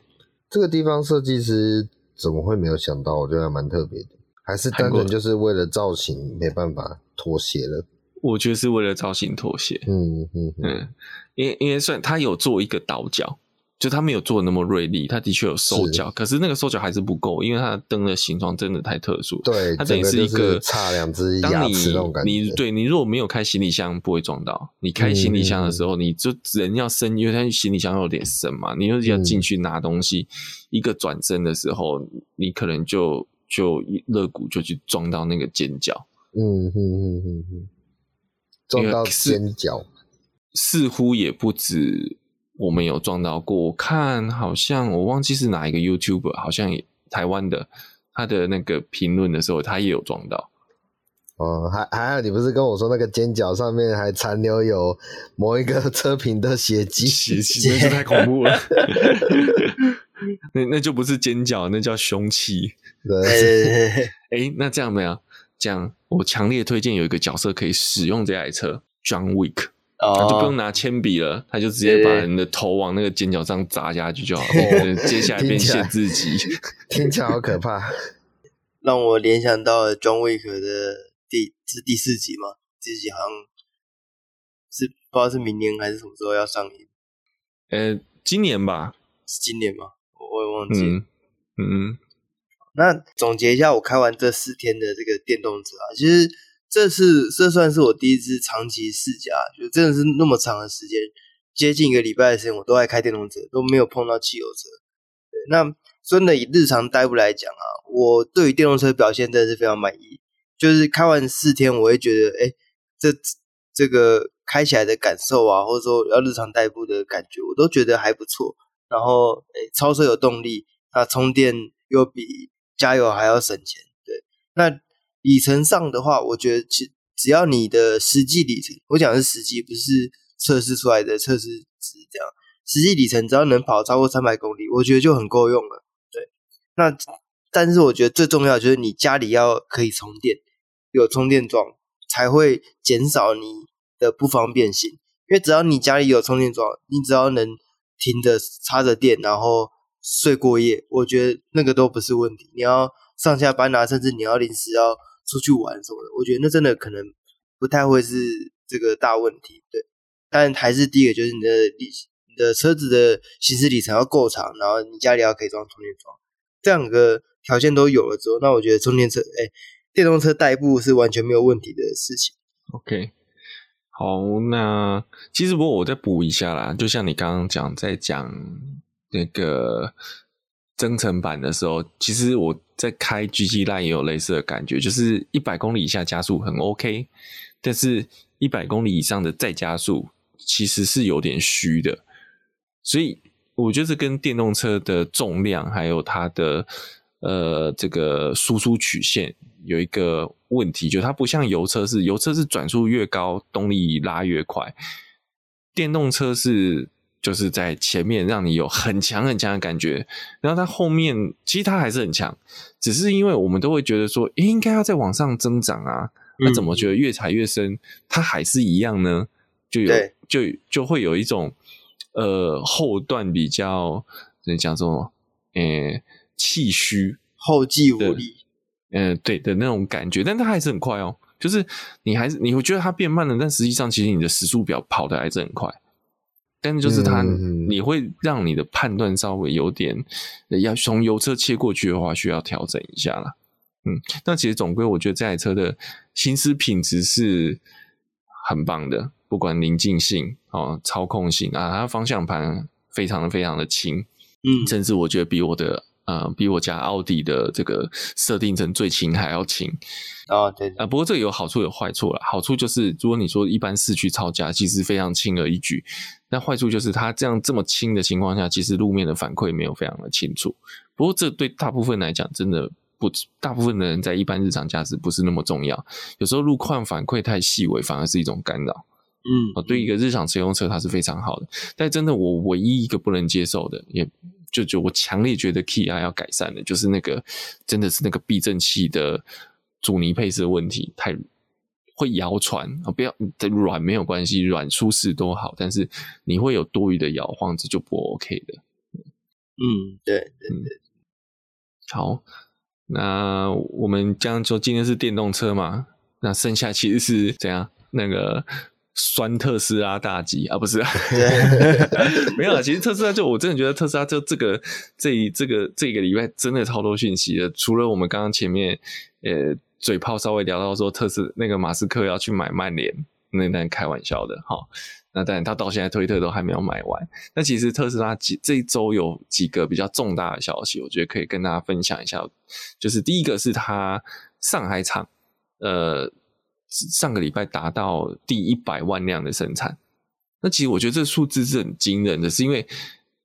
這個地方設計師怎麼會沒有想到？我覺得還蠻特別的，還是單純就是為了造型沒辦法妥協了。我覺得是為了造型妥協。嗯嗯嗯，因為因為算他有做一個倒角。就他沒有做那麼銳利，他的確有收腳，可是那個收腳還是不夠，因為它的燈的形狀真的太特殊。對，它等於是一個，就是差兩隻牙齒那種感覺。你你對，你如果沒有開行李箱不會撞到，你開行李箱的時候，嗯、你就人要伸，因為它行李箱有點深嘛，你又要進去拿東西，嗯、一個轉身的時候，你可能就就一肋骨就去撞到那個尖角。嗯嗯嗯嗯嗯，撞到尖角，似乎也不止。我們有撞到過，我看好像我忘記是哪一個 YouTuber 好像台灣的，他的那個評論的時候，他也有撞到。哦、嗯，還還有你不是跟我說那個尖角上面還殘留有某一個車評的血跡，血跡，那是太恐怖了？ 那那就不是尖角，那叫凶器。對，哎、 欸，那這樣沒有？這樣我強烈推薦有一個角色可以使用這台車，John Wick。Oh, 他就不用拿鉛筆了，他就直接把人的頭往那個尖角上砸下去就好了。接 下來變現自己， 聽起來好可怕，讓我聯想到了 John Wick 的第是第四集嗎？第四集好像是，是不知道是明年還是什麼時候要上映？呃、欸，今年吧，是今年嗎？我，我也忘記。嗯，嗯，嗯，那總結一下，我開完這四天的這個電動車啊，其實。這是這算是我第一次長期試駕，就真的是那麼長的時間，接近一個禮拜的時間，我都愛開電動車，都沒有碰到汽油車。對，那真的以日常代步來講啊，我對於電動車表現真的是非常滿意。就是開完四天，我會覺得，誒這這個開起來的感受啊，或者說要日常代步的感覺，我都覺得還不錯。然後，哎，超車有動力，那充電又比加油還要省錢，對，那。里程上的話，我覺得其只要你的實際里程，我講是實際，不是測試出來的測試值這樣。實際里程只要能跑超過三百公里，我覺得就很夠用了。對，那但是我覺得最重要就是你家裡要可以充電，有充電樁才會減少你的不方便性。因為只要你家裡有充電樁，你只要能停着插着電，然後睡過夜，我覺得那個都不是問題。你要上下班啊，甚至你要臨時要。出去玩什麼的，我覺得那真的可能不太會是這個大問題，對。但還是第一個，就是你的你的車子的行駛里程要夠長，然後你家裡要可以裝充電樁，這兩個條件都有了之後，那我覺得充電車，誒、欸、電動車代步是完全沒有問題的事情。OK，好，那其實不過我再補一下啦，就像你剛剛講，在講那個。增程版的時候，其實我在開 GT line 也有類似的感覺，就是一百公里以下加速很 OK，但是一百公里以上的再加速其實是有點虛的。所以我就是跟電動車的重量還有它的呃這個輸出曲線有一個問題，就它不像油車是，油車是轉速越高動力拉越快，電動車是。就是在前面讓你有很強很強的感覺，然後它後面其實它還是很強，只是因為我們都會覺得說、欸、應該要再往上增長啊，那、嗯啊、怎麼覺得越踩越深？它還是一樣呢，就有就就會有一種呃後段比較人講說，嗯、呃，氣虛，後繼無力，嗯、呃，對的那種感覺，但它還是很快哦，就是你還是你會覺得它變慢了，但實際上其實你的時速表跑得還是很快。但是就是它，你會讓你的判斷稍微有點，要從油車切過去的話，需要調整一下啦。嗯，那其實總歸我覺得這台車的行駛品質，是很棒的，不管寧靜性哦，操控性啊，它方向盤非常非常的輕，嗯，甚至我覺得比我的呃，比我家奧迪的這個設定成最輕，還要輕。啊、哦、對，啊不過，這個有好處有壞處啦，好處就是如果你說一般市區操駕，其實非常輕而易舉。那壞處就是它這樣這麼輕的情況下，其實路面的反饋沒有非常的清楚。不過這對大部分來講，真的不，大部分的人在一般日常駕駛不是那麼重要。有時候路況反饋太細微，反而是一種干擾。嗯，對一個日常乘用車，它是非常好的。但真的，我唯一一個不能接受的，也就就我強烈覺得 KIA 要，要改善的，就是那個真的是那個避震器的阻尼配置問題太。會搖船啊，不要軟沒有關係，軟舒適都好，但是你會有多餘的搖晃，這就不 OK 的。嗯，對對對。好，那我們將就今天是電動車嘛，那剩下其實是怎樣？那個。酸特斯拉大吉啊，不是、啊， 沒有啊。其實特斯拉，就我真的覺得特斯拉，就這個這一 這個這個禮、這個、拜真的超多訊息的。除了我們剛剛前面呃嘴炮稍微聊到說特斯拉那個馬斯克要去買曼聯，那那個、開玩笑的哈。那當然，他到現在推特都還沒有買完。那其實特斯拉幾這一周有幾個比較重大的消息，我覺得可以跟大家分享一下。就是第一個是他上海廠，呃。上個禮拜達到第一百萬輛的生產，那其實我覺得這數字是很驚人的是，因為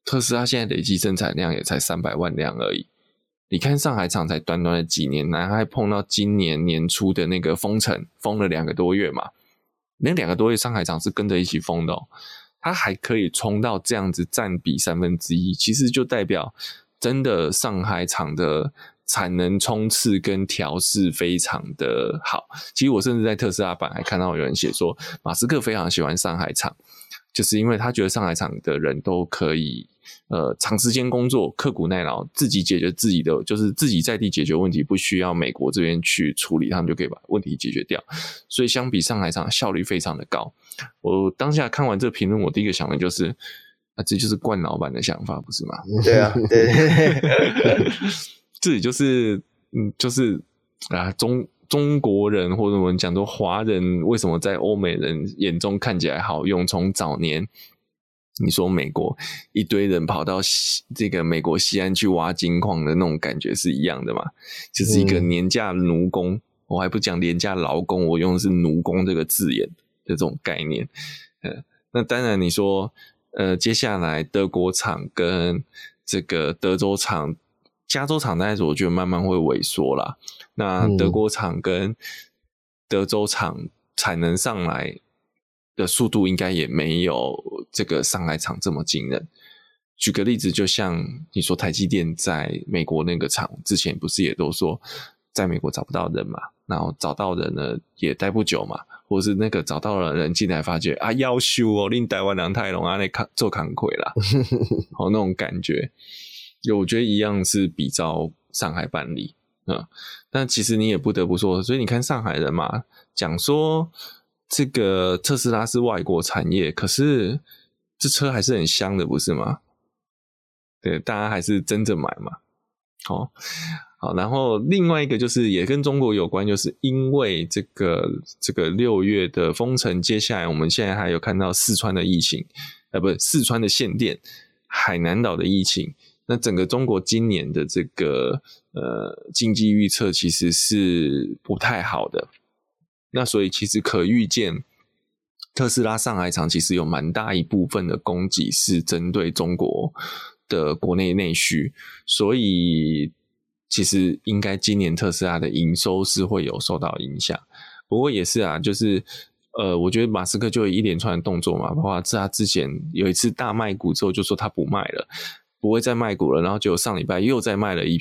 特斯拉現在累計生產量也才三百萬輛而已。你看上海廠才短短的幾年，然還碰到今年年初的那個封城，封了兩個多月嘛？那兩個多月上海廠是跟着一起封的，喔，它還可以衝到這樣子占比三分之一，其實就代表真的上海廠的。產能衝刺跟調試非常的好，其實我甚至在特斯拉版還看到有人寫說，馬斯克非常喜歡上海廠，就是因為他覺得上海廠的人都可以呃長時間工作、刻苦耐勞，自己解決自己的，就是自己在地解決問題，不需要美國這邊去處理，他們就可以把問題解決掉。所以相比上海廠效率非常的高。我當下看完這個評論，我第一個想的就是啊，這就是慣老闆的想法，不是嗎？對啊，對。 這裡就是，嗯，就是啊，中中國人或者我們講說華人為什麼在歐美人眼中看起來好用？從早年，你說美國一堆人跑到西這個美國西岸去挖金礦的那種感覺是一樣的嘛？就是一個廉價奴工，嗯，我還不講廉價勞工，我用的是奴工這個字眼的這種概念。呃，那當然你說，呃，接下來德國廠跟這個德州廠。加州廠那始，我覺得慢慢會萎縮啦。那德國廠跟德州廠產能上來的速度，應該也沒有這個上海廠這麼驚人。舉個例子，就像你說台積電在美國那個廠，之前不是也都說在美國找不到人嘛？然後找到人了也待不久嘛？或是那個找到了人進來，發覺啊夭壽哦，令、喔、台灣梁太龍啊那扛做扛虧啦，哦 那種感覺。有，我覺得一樣是比照上海辦理啊。那、嗯、其實你也不得不說，所以你看上海人嘛，講說這個特斯拉是外國產業，可是這車還是很香的，不是嗎？對，大家還是真正買嘛。哦，好。然後另外一個就是也跟中國有關，就是因為這個這個六月的封城，接下來我們現在還有看到四川的疫情，呃，不是，四川的限電，海南島的疫情。那整個中國今年的這個呃經濟預測其實是不太好的，那所以其實可預見特斯拉上海廠其實有蠻大一部分的供給是針對中國的國內內需，所以其實應該今年特斯拉的營收是會有受到影響。不過也是啊，就是呃，我覺得馬斯克就有一連串的動作嘛，包括他之前有一次大賣股之後就說他不賣了。不會再賣股了，然後就上禮拜又再賣了，一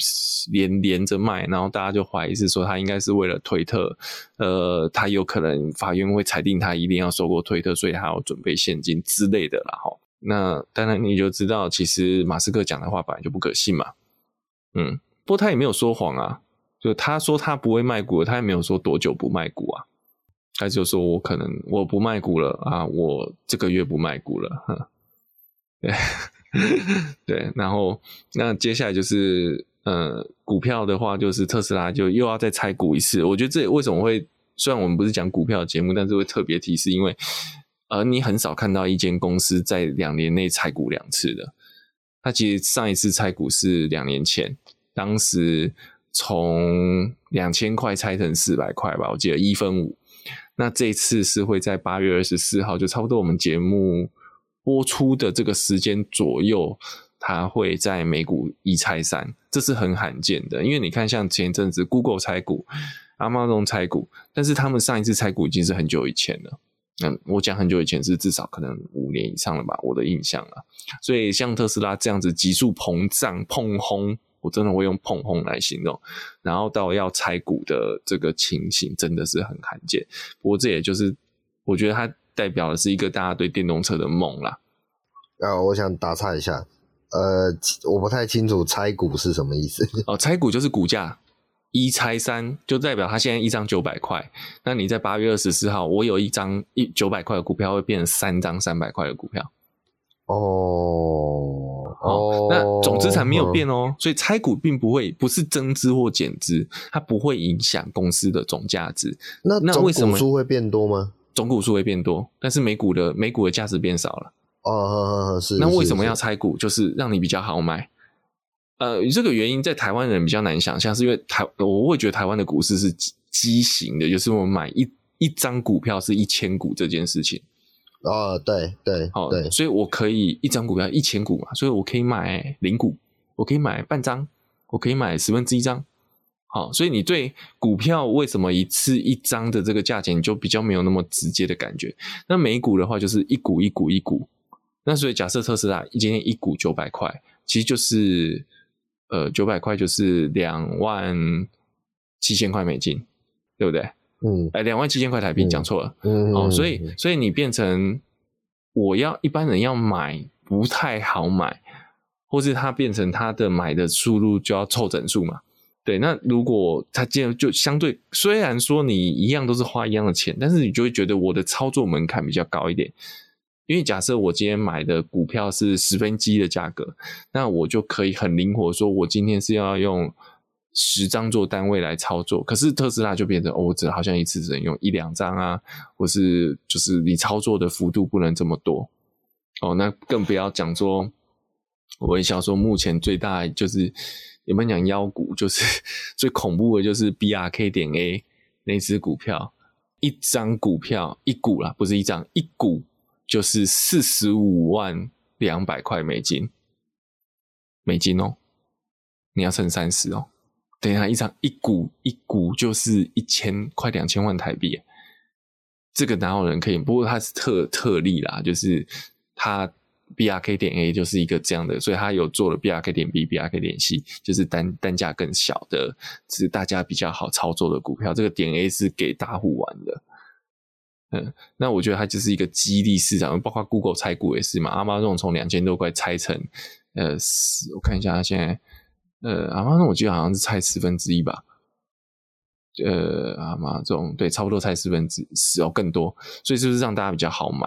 連連着賣，然後大家就懷疑是說他應該是為了推特，呃，他有可能法院會裁定他一定要收購推特，所以他要準備現金之類的，然後哈。那當然你就知道，其實馬斯克講的話本來就不可信嘛。嗯，不過他也沒有說謊啊，就他說他不會賣股了，他也沒有說多久不賣股啊，他就說我可能我不賣股了啊，我這個月不賣股了，哼。 對，然後那接下來就是呃，股票的話就是特斯拉就又要再拆股一次。我覺得這也為什麼會，雖然我們不是講股票節目，但是會特別提示，因為而、呃、你很少看到一間公司在兩年內拆股兩次的。他其實上一次拆股是兩年前，當時從兩千塊拆成四百塊吧，我記得一分五。那這一次是會在八月二十四號，就差不多我們節目播出的這個時間左右，它會在美股一拆三，這是很罕見的。因為你看，像前一陣子 Google 拆股、Amazon 拆股，但是他們上一次拆股已經是很久以前了。嗯，我講很久以前是至少可能五年以上了吧，我的印象啊。所以像特斯拉這樣子急速膨脹碰轟，我真的會用碰轟來形容。然後到要拆股的這個情形，真的是很罕見。不過這也就是我覺得它。代表的是一個大家對電動車的夢啦。啊，我想打岔一下，呃，我不太清楚拆股是什麼意思。哦，拆股就是股價一拆三，就代表它現在一張九百塊，那你在八月二十四號，我有一張一九百塊的股票，會變成三張三百塊的股票。哦，哦，哦，那總資產沒有變哦，哦，所以拆股並不會不是增資或減資，它不會影響公司的總價值。那那為什麼股數會變多嗎？總股數會變多，但是每股的每股的價值變少了。哦，是。那為什麼要拆股？就是讓你比較好買。呃，這個原因在台灣人比較難想象，像是因為台我會覺得台灣的股市是畸形的，就是我們買一一張股票是一千股這件事情。哦，對對，對，哦對，所以我可以一張股票一千股嘛，所以我可以買零股，我可以買半張，我可以買十分之一張。好，所以你對股票為什麼一次一張的這個價錢，你就比較沒有那麼直接的感覺。那每股的話，就是一股一股一股。那所以假設特斯拉今天一股九百塊，其實就是呃九百塊就是兩萬七千塊美金，對不對？嗯，哎，兩萬七千塊台幣、嗯、講錯了。嗯，嗯，哦，所以所以你變成我要一般人要買不太好買，或是他變成他的買的輸入就要湊整數嘛？對，那如果他今天就相對，雖然說你一樣都是花一樣的錢，但是你就會覺得我的操作門檻比較高一點。因為假設我今天買的股票是十分之一的價格，那我就可以很靈活說，我今天是要用十張做單位來操作。可是特斯拉就變成哦，我只好像一次只能用一兩張啊，或是就是你操作的幅度不能這麼多。哦，那更不要講說，我很想說目前最大就是。有沒有講妖股？就是最恐怖的，就是 B R K 點 A 那支股票，一張股票一股啦，不是一張一股，就是四十五萬兩百塊美金，美金哦，你要乘三十哦，等一下一張一股一股就是一千快兩千萬台幣，這個哪有人可以？不過他是特特例啦，就是他。B R K 點 A 就是一個這樣的，所以它有做了 BRK. B R K 點 B、B R K 點 C，就是單單價更小的，是大家比較好操作的股票。這個點 A 是給大戶玩的，嗯，那我覺得它就是一個激勵市場，包括 Google 拆股也是嘛。阿媽這種從兩千多塊拆成，呃，我看一下，現在呃，阿媽那我記得好像是拆四分之一吧，呃，阿媽這種對，差不多拆四分之十哦，更多，所以是不是讓大家比較好買。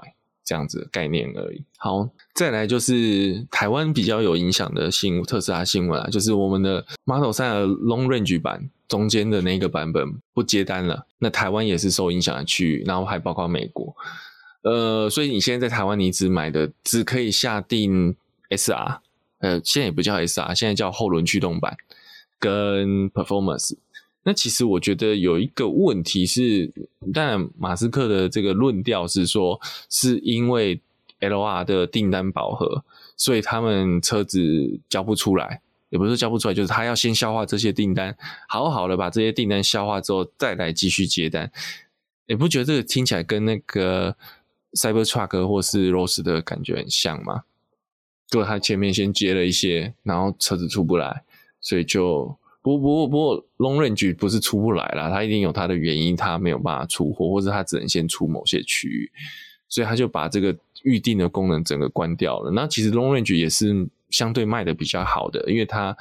這樣子的概念而已。好，再來就是台灣比較有影響的新特斯拉新聞啊，就是我們的 Model 3的 Long Range 版中間的那個版本不接單了。那台灣也是受影響的區域，然後還包括美國。呃，所以你現在在台灣，你只買的只可以下定 SR，呃，現在也不叫 SR，現在叫後輪驅動版跟 Performance。那其實我覺得有一個問題是，但馬斯克的這個論調是說，是因為 L R 的訂單飽和，所以他們車子交不出來，也不是交不出來，就是他要先消化這些訂單，好好的把這些訂單消化之後再來繼續接單。你不覺得這個聽起來跟那個 Cybertruck 或是 Roadster 的感覺很像嗎？就他前面先接了一些，然後車子出不來，所以就。不不不不,不過，long range 不是出不來啦，它一定有它的原因，它沒有辦法出貨，或者它只能先出某些區域，所以他就把這個預定的功能整個關掉了。那其實 long range 也是相對賣的比較好的，因為它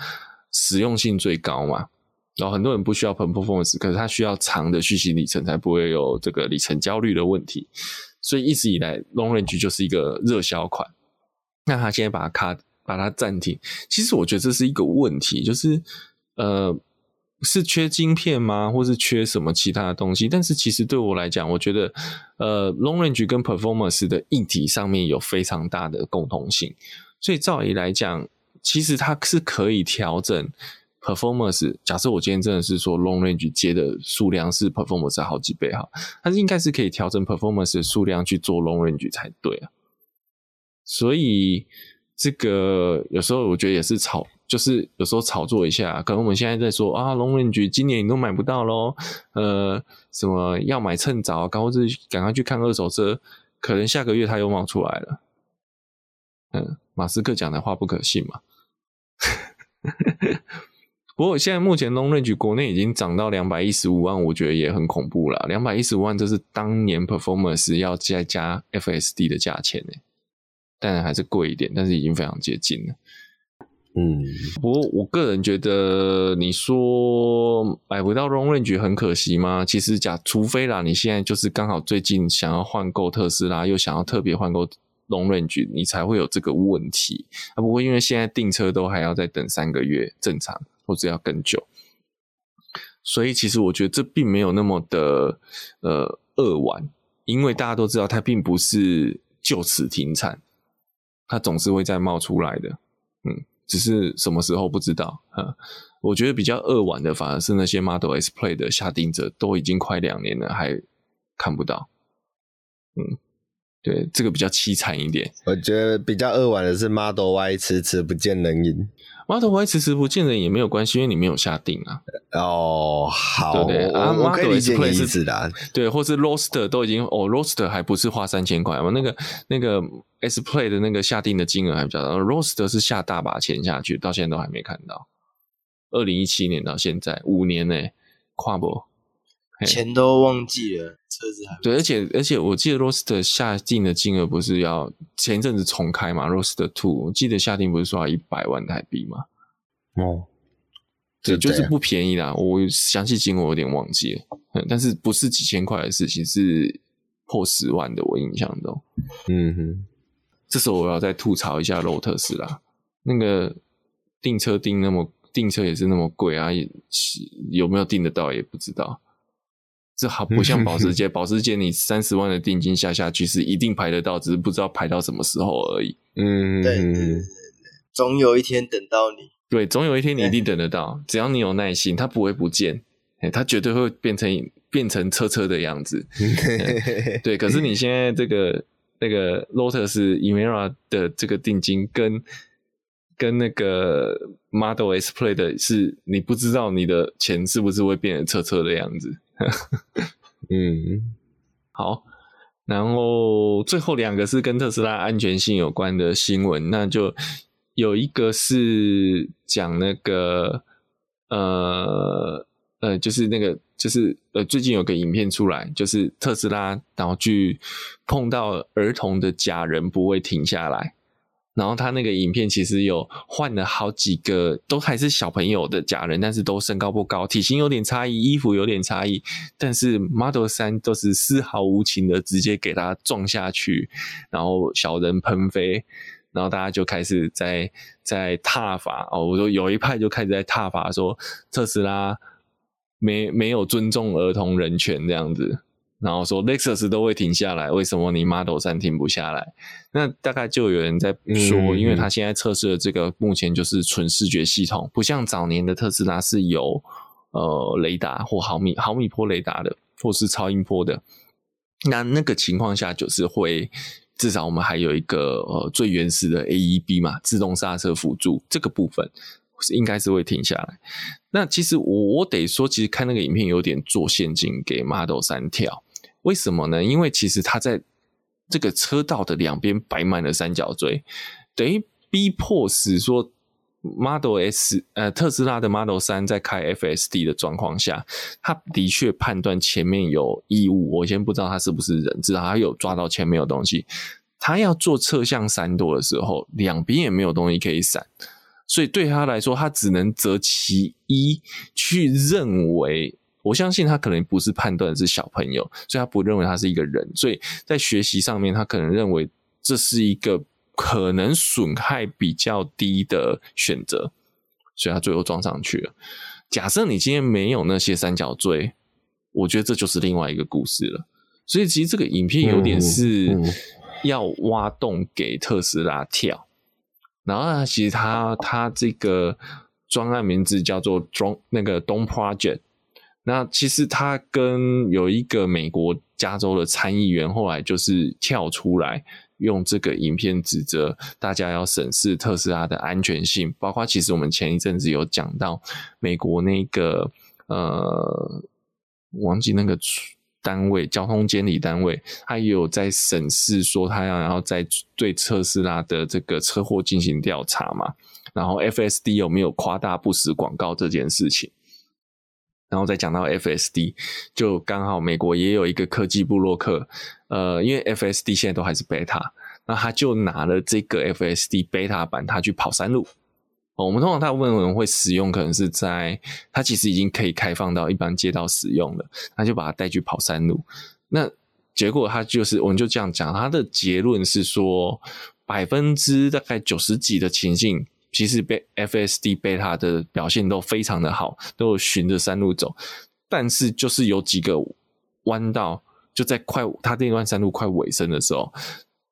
實用性最高嘛，然後很多人不需要 performance，可是它需要長的續行里程才不會有這個里程焦慮的問題，所以一直以來 long range 就是一個熱銷款。那他現在把它卡，把它暫停，其實我覺得這是一個問題，就是。呃，是缺晶片嗎？或是缺什麼其他的東西？但是其實對我來講，我覺得，呃，long range 跟 performance 的硬體上面有非常大的共同性。所以照理來講，其實它是可以調整 performance。假設我今天真的是說 long range 接的數量是 performance 好幾倍哈，它應該是可以調整 performance 的數量去做 long range 才對啊。所以這個有時候我覺得也是炒。就是有時候炒作一下，可能我們現在在說啊，Long Range 今年你都買不到咯。呃，什麼要買趁早，趕快去看二手車，可能下個月它又冒出來了。嗯，馬斯克講的話不可信嘛。 不過現在目前 Long Range 國內已經漲到兩百一十五萬，我覺得也很恐怖了。兩百一十五萬，這是當年 Performance 要再加，加 FSD 的價錢呢。當然還是貴一點，但是已經非常接近了。嗯，不過我個人覺得，你說買不到 Long Range 很可惜嗎？其實假，除非啦，你現在就是剛好最近想要換購特斯拉，又想要特別換購 Long Range，你才會有這個問題。啊，不過因為現在訂車都還要再等三個月，正常或者要更久，所以其實我覺得這並沒有那麼的呃扼腕，因為大家都知道，它並不是就此停產，它總是會再冒出來的。嗯。只是什麼時候不知道，我覺得比較惡玩的，反而是那些 Model S Plaid 的下定者，都已經快兩年了，還看不到。嗯，對，這個比較淒慘一點。我覺得比較惡玩的是 Model Y，遲遲不見人影。Model Y 遲遲不見人也沒有關係，因為你沒有下定啊。哦，好，對,不對，Model Y 可以是指南，對，或是 Roadster 都已經哦，Roadster 還不是花三千塊，我那個那個 S Plaid 的那個下定的金額還比較大，Roadster 是下大把錢下去，到現在都還沒看到。二零一七年到現在五年欸，跨博，錢都忘記了。車子還對，而且而且我記得 Roaster 下定的金額不是要前一陣子重開嘛？Roaster Two，我記得下定不是說要一百萬台幣嗎？哦、嗯，對，就是不便宜啦。我詳細金額有點忘記了、嗯，但是不是幾千塊的事情，是破十萬的。我印象中，嗯哼，這時候我要再吐槽一下羅特斯啦，那個訂車訂那麼，訂車也是那麼貴啊也，有沒有訂得到也不知道。這好不像保時捷，保時捷你三十萬的定金下下去是一定排得到，只是不知道排到什麼時候而已。嗯，對，總有一天等到你。對，總有一天你一定等得到， 只要你有耐心，它不會不見，誒、欸、它絕對會變成變成車車的樣子。欸、 對，可是你現在這個那個 Lotus Emira 的這個定金跟跟那個 Model S Plaid 的是，你不知道你的錢是不是會變成車車的樣子。呵 呵嗯，好，然後最後兩個是跟特斯拉安全性有關的新聞，那就有一個是講那個，呃，呃，就是那個，就是呃，最近有個影片出來，就是特斯拉導去碰到兒童的假人不會停下來。然後他那個影片其實有換了好幾個，都還是小朋友的假人，但是都身高不高，體型有點差異，衣服有點差異，但是 Model 3都是絲毫無情的直接給他撞下去，然後小人噴飛，然後大家就開始在在撻伐哦，我說有一派就開始在撻伐說特斯拉沒沒有尊重兒童人權這樣子。然後說 Lexus 都會停下來，為什麼你 Model 3停不下來？那大概就有人在說，嗯嗯，因為他現在測試的這個目前就是純視覺系統，不像早年的特斯拉是有呃雷達或毫米毫米波雷達的，或是超音波的。那那個情況下就是會至少我們還有一個呃最原始的 AEB 嘛，自動剎車輔助這個部分應該是會停下來。那其實我我得說，其實看那個影片有點做陷阱給 Model 3跳。為什麼呢？因為其實它在這個車道的兩邊擺滿了三角錐，等於逼迫使說 Model S 呃特斯拉的 Model 三在開 FSD 的狀況下，它的確判斷前面有異物。我先不知道它是不是人，至少它有抓到前面的東西。它要做側向閃躲的時候，兩邊也沒有東西可以閃，所以對他來說，他只能擇其一去認為。我相信他可能不是判斷是小朋友，所以他不認為他是一個人，所以在學習上面，他可能認為這是一個可能損害比較低的選擇，所以他最後撞上去了。假設你今天沒有那些三角錐，我覺得這就是另外一個故事了。所以其實這個影片有點是要挖洞給特斯拉跳，然後呢，其實他他這個專案名字叫做 “Dawn，那個 Dawn Project”。那其實他跟有一個美國加州的參議員，後來就是跳出來用這個影片指責大家要審視特斯拉的安全性，包括其實我們前一陣子有講到美國那個呃，忘記那個單位交通監理單位，他也有在審視說他要然後再對特斯拉的這個車禍進行調查嘛，然後 FSD 有沒有誇大不實廣告這件事情？然後再講到 FSD，就剛好美國也有一個科技部落客，呃，因為 FSD 現在都還是 beta，那他就拿了這個 FSD beta 版，他去跑山路。哦，我們通常大部分人會使用，可能是在他其實已經可以開放到一般街道使用了，他就把它帶去跑山路。那結果他就是，我們就這樣講，他的結論是說百分之大概九十幾的情境。其實被 FSD Beta 的表現都非常的好，都有循着山路走，但是就是有幾個彎道，就在快它這段山路快尾聲的時候，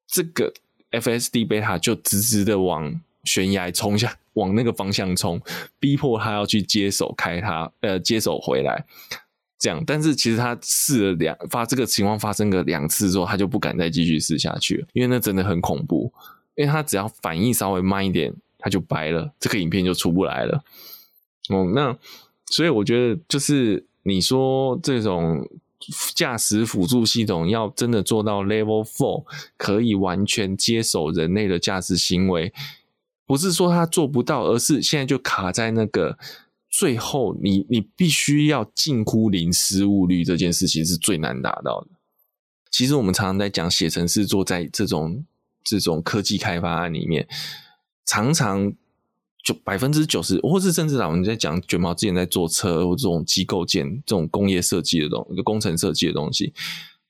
這個 FSD Beta 就直直的往懸崖衝下，往那個方向衝，逼迫他要去接手開它，呃，接手回來這樣。但是其實他試了兩發，這個情況發生個兩次之後，他就不敢再繼續試下去了，因為那真的很恐怖，因為他只要反應稍微慢一點。他就白了，這個影片就出不來了。哦、嗯，那所以我覺得，就是你說這種駕駛輔助系統要真的做到 Level Four，可以完全接手人類的駕駛行為，不是說他做不到，而是現在就卡在那個最後你，你你必須要近乎零失誤率這件事情是最難達到的。其實我們常常在講寫程式做在這種這種科技開發案裡面。常常就百分之九十，或是甚至老，我們在講卷毛之前在做車或這種機構件，這種工業設計的東西，工程設計的東西，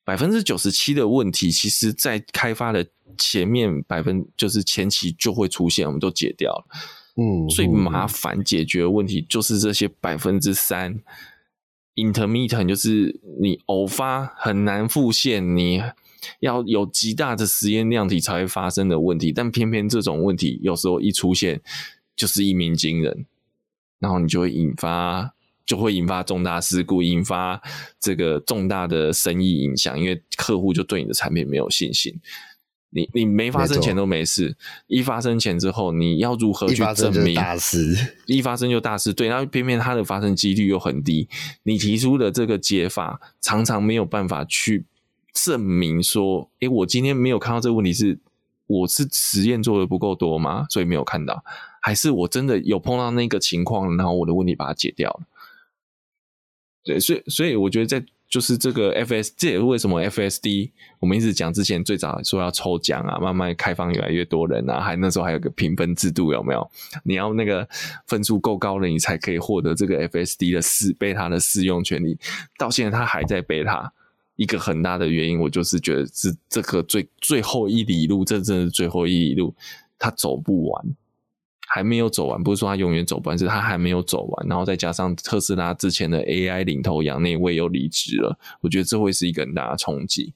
百分之九十七的問題，其實在開發的前面百分就是前期就會出現，我們都解掉了。嗯，嗯，最麻煩解決的問題就是這些百分之三，intermittent，就是你偶發，很難複現你。要有極大的實驗量體才會發生的問題，但偏偏這種問題有時候一出現就是一鳴驚人，然後你就會引發，就會引發重大事故，引發這個重大的生意影響，因為客戶就對你的產品沒有信心。你你沒發生前都沒事，一發生前之後，你要如何去證明？大事一發生就大事，對。然後偏偏它的發生幾率又很低，你提出的這個解法常常沒有辦法去。證明說，誒，我今天沒有看到這個問題是我是實驗做得不夠多嗎？所以沒有看到，還是我真的有碰到那個情況，然後我的問題把它解掉了。對，所以所以我覺得在就是這個 FSD，這也是為什麼 FSD 我們一直講之前最早說要抽獎啊，慢慢開放越來越多人啊，還那時候還有個評分制度，有沒有？你要那個分數夠高了，你才可以獲得這個 FSD 的試 Beta 的試用權利。到現在他還在 Beta。一個很大的原因，我就是覺得是這個最最後一里路，這真的是最後一里路，他走不完，還沒有走完。不是說他永遠走不完，是他還沒有走完。然後再加上特斯拉之前的 AI 領頭羊那位又離職了，我覺得這會是一個很大的衝擊。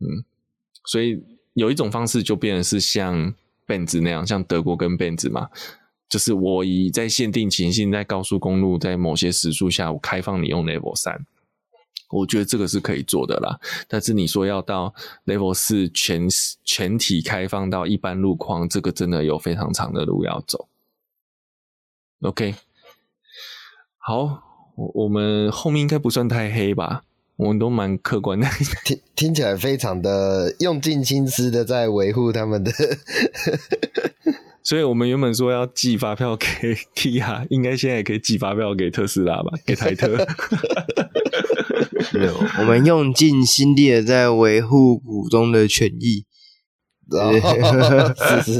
嗯，所以有一種方式就變成是像 Benz 那樣，像德國跟 Benz 嘛，就是我以在限定情形，在高速公路，在某些時速下，我開放你用 Level 3。我覺得這個是可以做的啦，但是你說要到 level 4全全體開放到一般路況，這個真的有非常長的路要走。OK，好，我，我們後面應該不算太黑吧？我們都蠻客觀的聽，聽聽起來非常的用盡心思的在維護他們的。所以，我們原本說要寄發票給 T i a 應該現在也可以寄發票給特斯拉吧？給台特。 對，我們用盡心力的在維護股東的權益，oh. 是是是，是，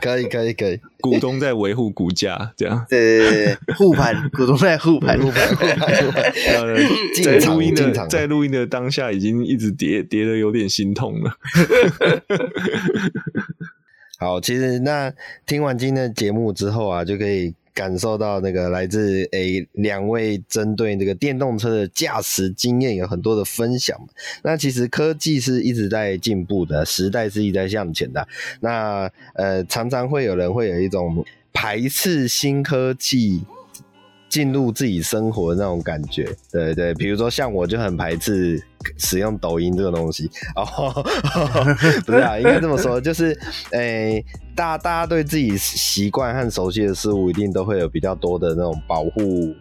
可以可以可以，股東在維護股價，這樣對對對護盤，股東在護盤護盤、護盤、護盤， 在錄音的在錄音的當下已經一直跌跌的有點心痛了。 好，其實那聽完今天的節目之後啊，就可以。感受到那個來自誒兩位針對那個電動車的駕駛經驗有很多的分享，那其實科技是一直在進步的，時代是一直在向前的。那呃，常常會有人會有一種排斥新科技進入自己生活的那種感覺，對對，對，比如說像我就很排斥使用抖音這個東西哦，哦，不是啊， 應該這麼說，就是誒、欸，大家大家對自己習慣和熟悉的事物，一定都會有比較多的那種保護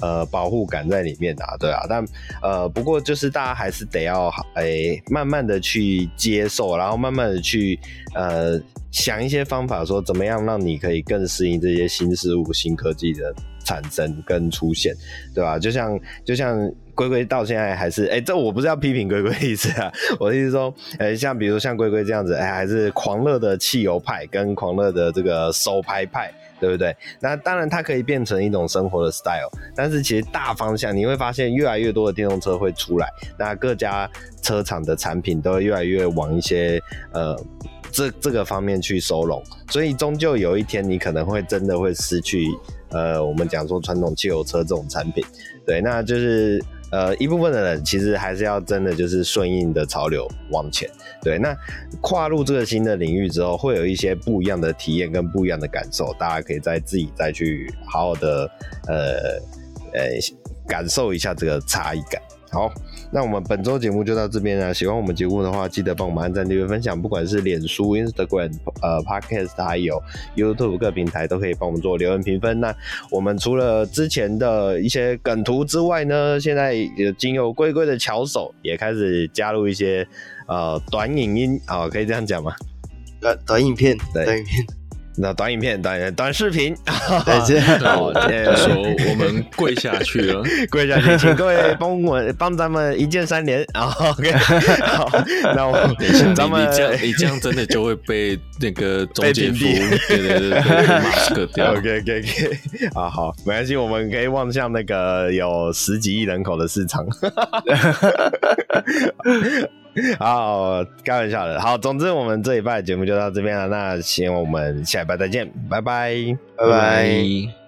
呃保護感在裡面啊，對啊，但呃不過就是大家還是得要誒、欸、慢慢的去接受，然後慢慢的去呃想一些方法，說怎麼樣讓你可以更適應這些新事物、新科技的。產生跟出現，對吧？就像就像龜龜到現在還是，誒、欸、這我不是要批評龜龜的意思啊，我的意思是說，誒、欸、像比如像龜龜這樣子，誒、欸、還是狂熱的汽油派跟狂熱的這個手排派，對不對？那當然，它可以變成一種生活的 style，但是其實大方向你會發現，越來越多的電動車會出來，那各家車廠的產品都會越來越往一些呃這這個方面去收攏，所以終究有一天，你可能會真的會失去。呃，我們講說傳統汽油車這種產品，對，那就是呃一部分的人其實還是要真的就是順應的潮流往前。對，那跨入這個新的領域之後，會有一些不一樣的體驗跟不一樣的感受，大家可以再自己再去好好的呃呃、欸、感受一下這個差異感。好。那我們本周節目就到這邊了，啊。喜歡我們節目的話，記得幫我們按贊、訂閱、分享。不管是臉書、Instagram、呃、Podcast，還有 YouTube 各平台，都可以幫我們做留言評分。那我們除了之前的一些梗圖之外呢，現在也經由龜龜的巧手，也開始加入一些呃短影音，哦、呃，可以這樣講嗎？呃，短影片，對，短影片。那短影片、短影片、短視頻，再、啊、見。好， 呃，說我們跪下去了， 跪下去，請各位幫我幫咱們一鍵三連。啊、oh，OK，好，那我們等一下，咱們你這樣，你、欸、這樣真的就會被那個總監斃。對對對對，罵 死掉。OK OK OK，啊，好，沒關係，我們可以望向那個有十幾億人口的市場。 好，開玩笑的。好，總之我們這一拜節目就到這邊了。那行，我們下一拜再見，拜拜，拜拜。拜拜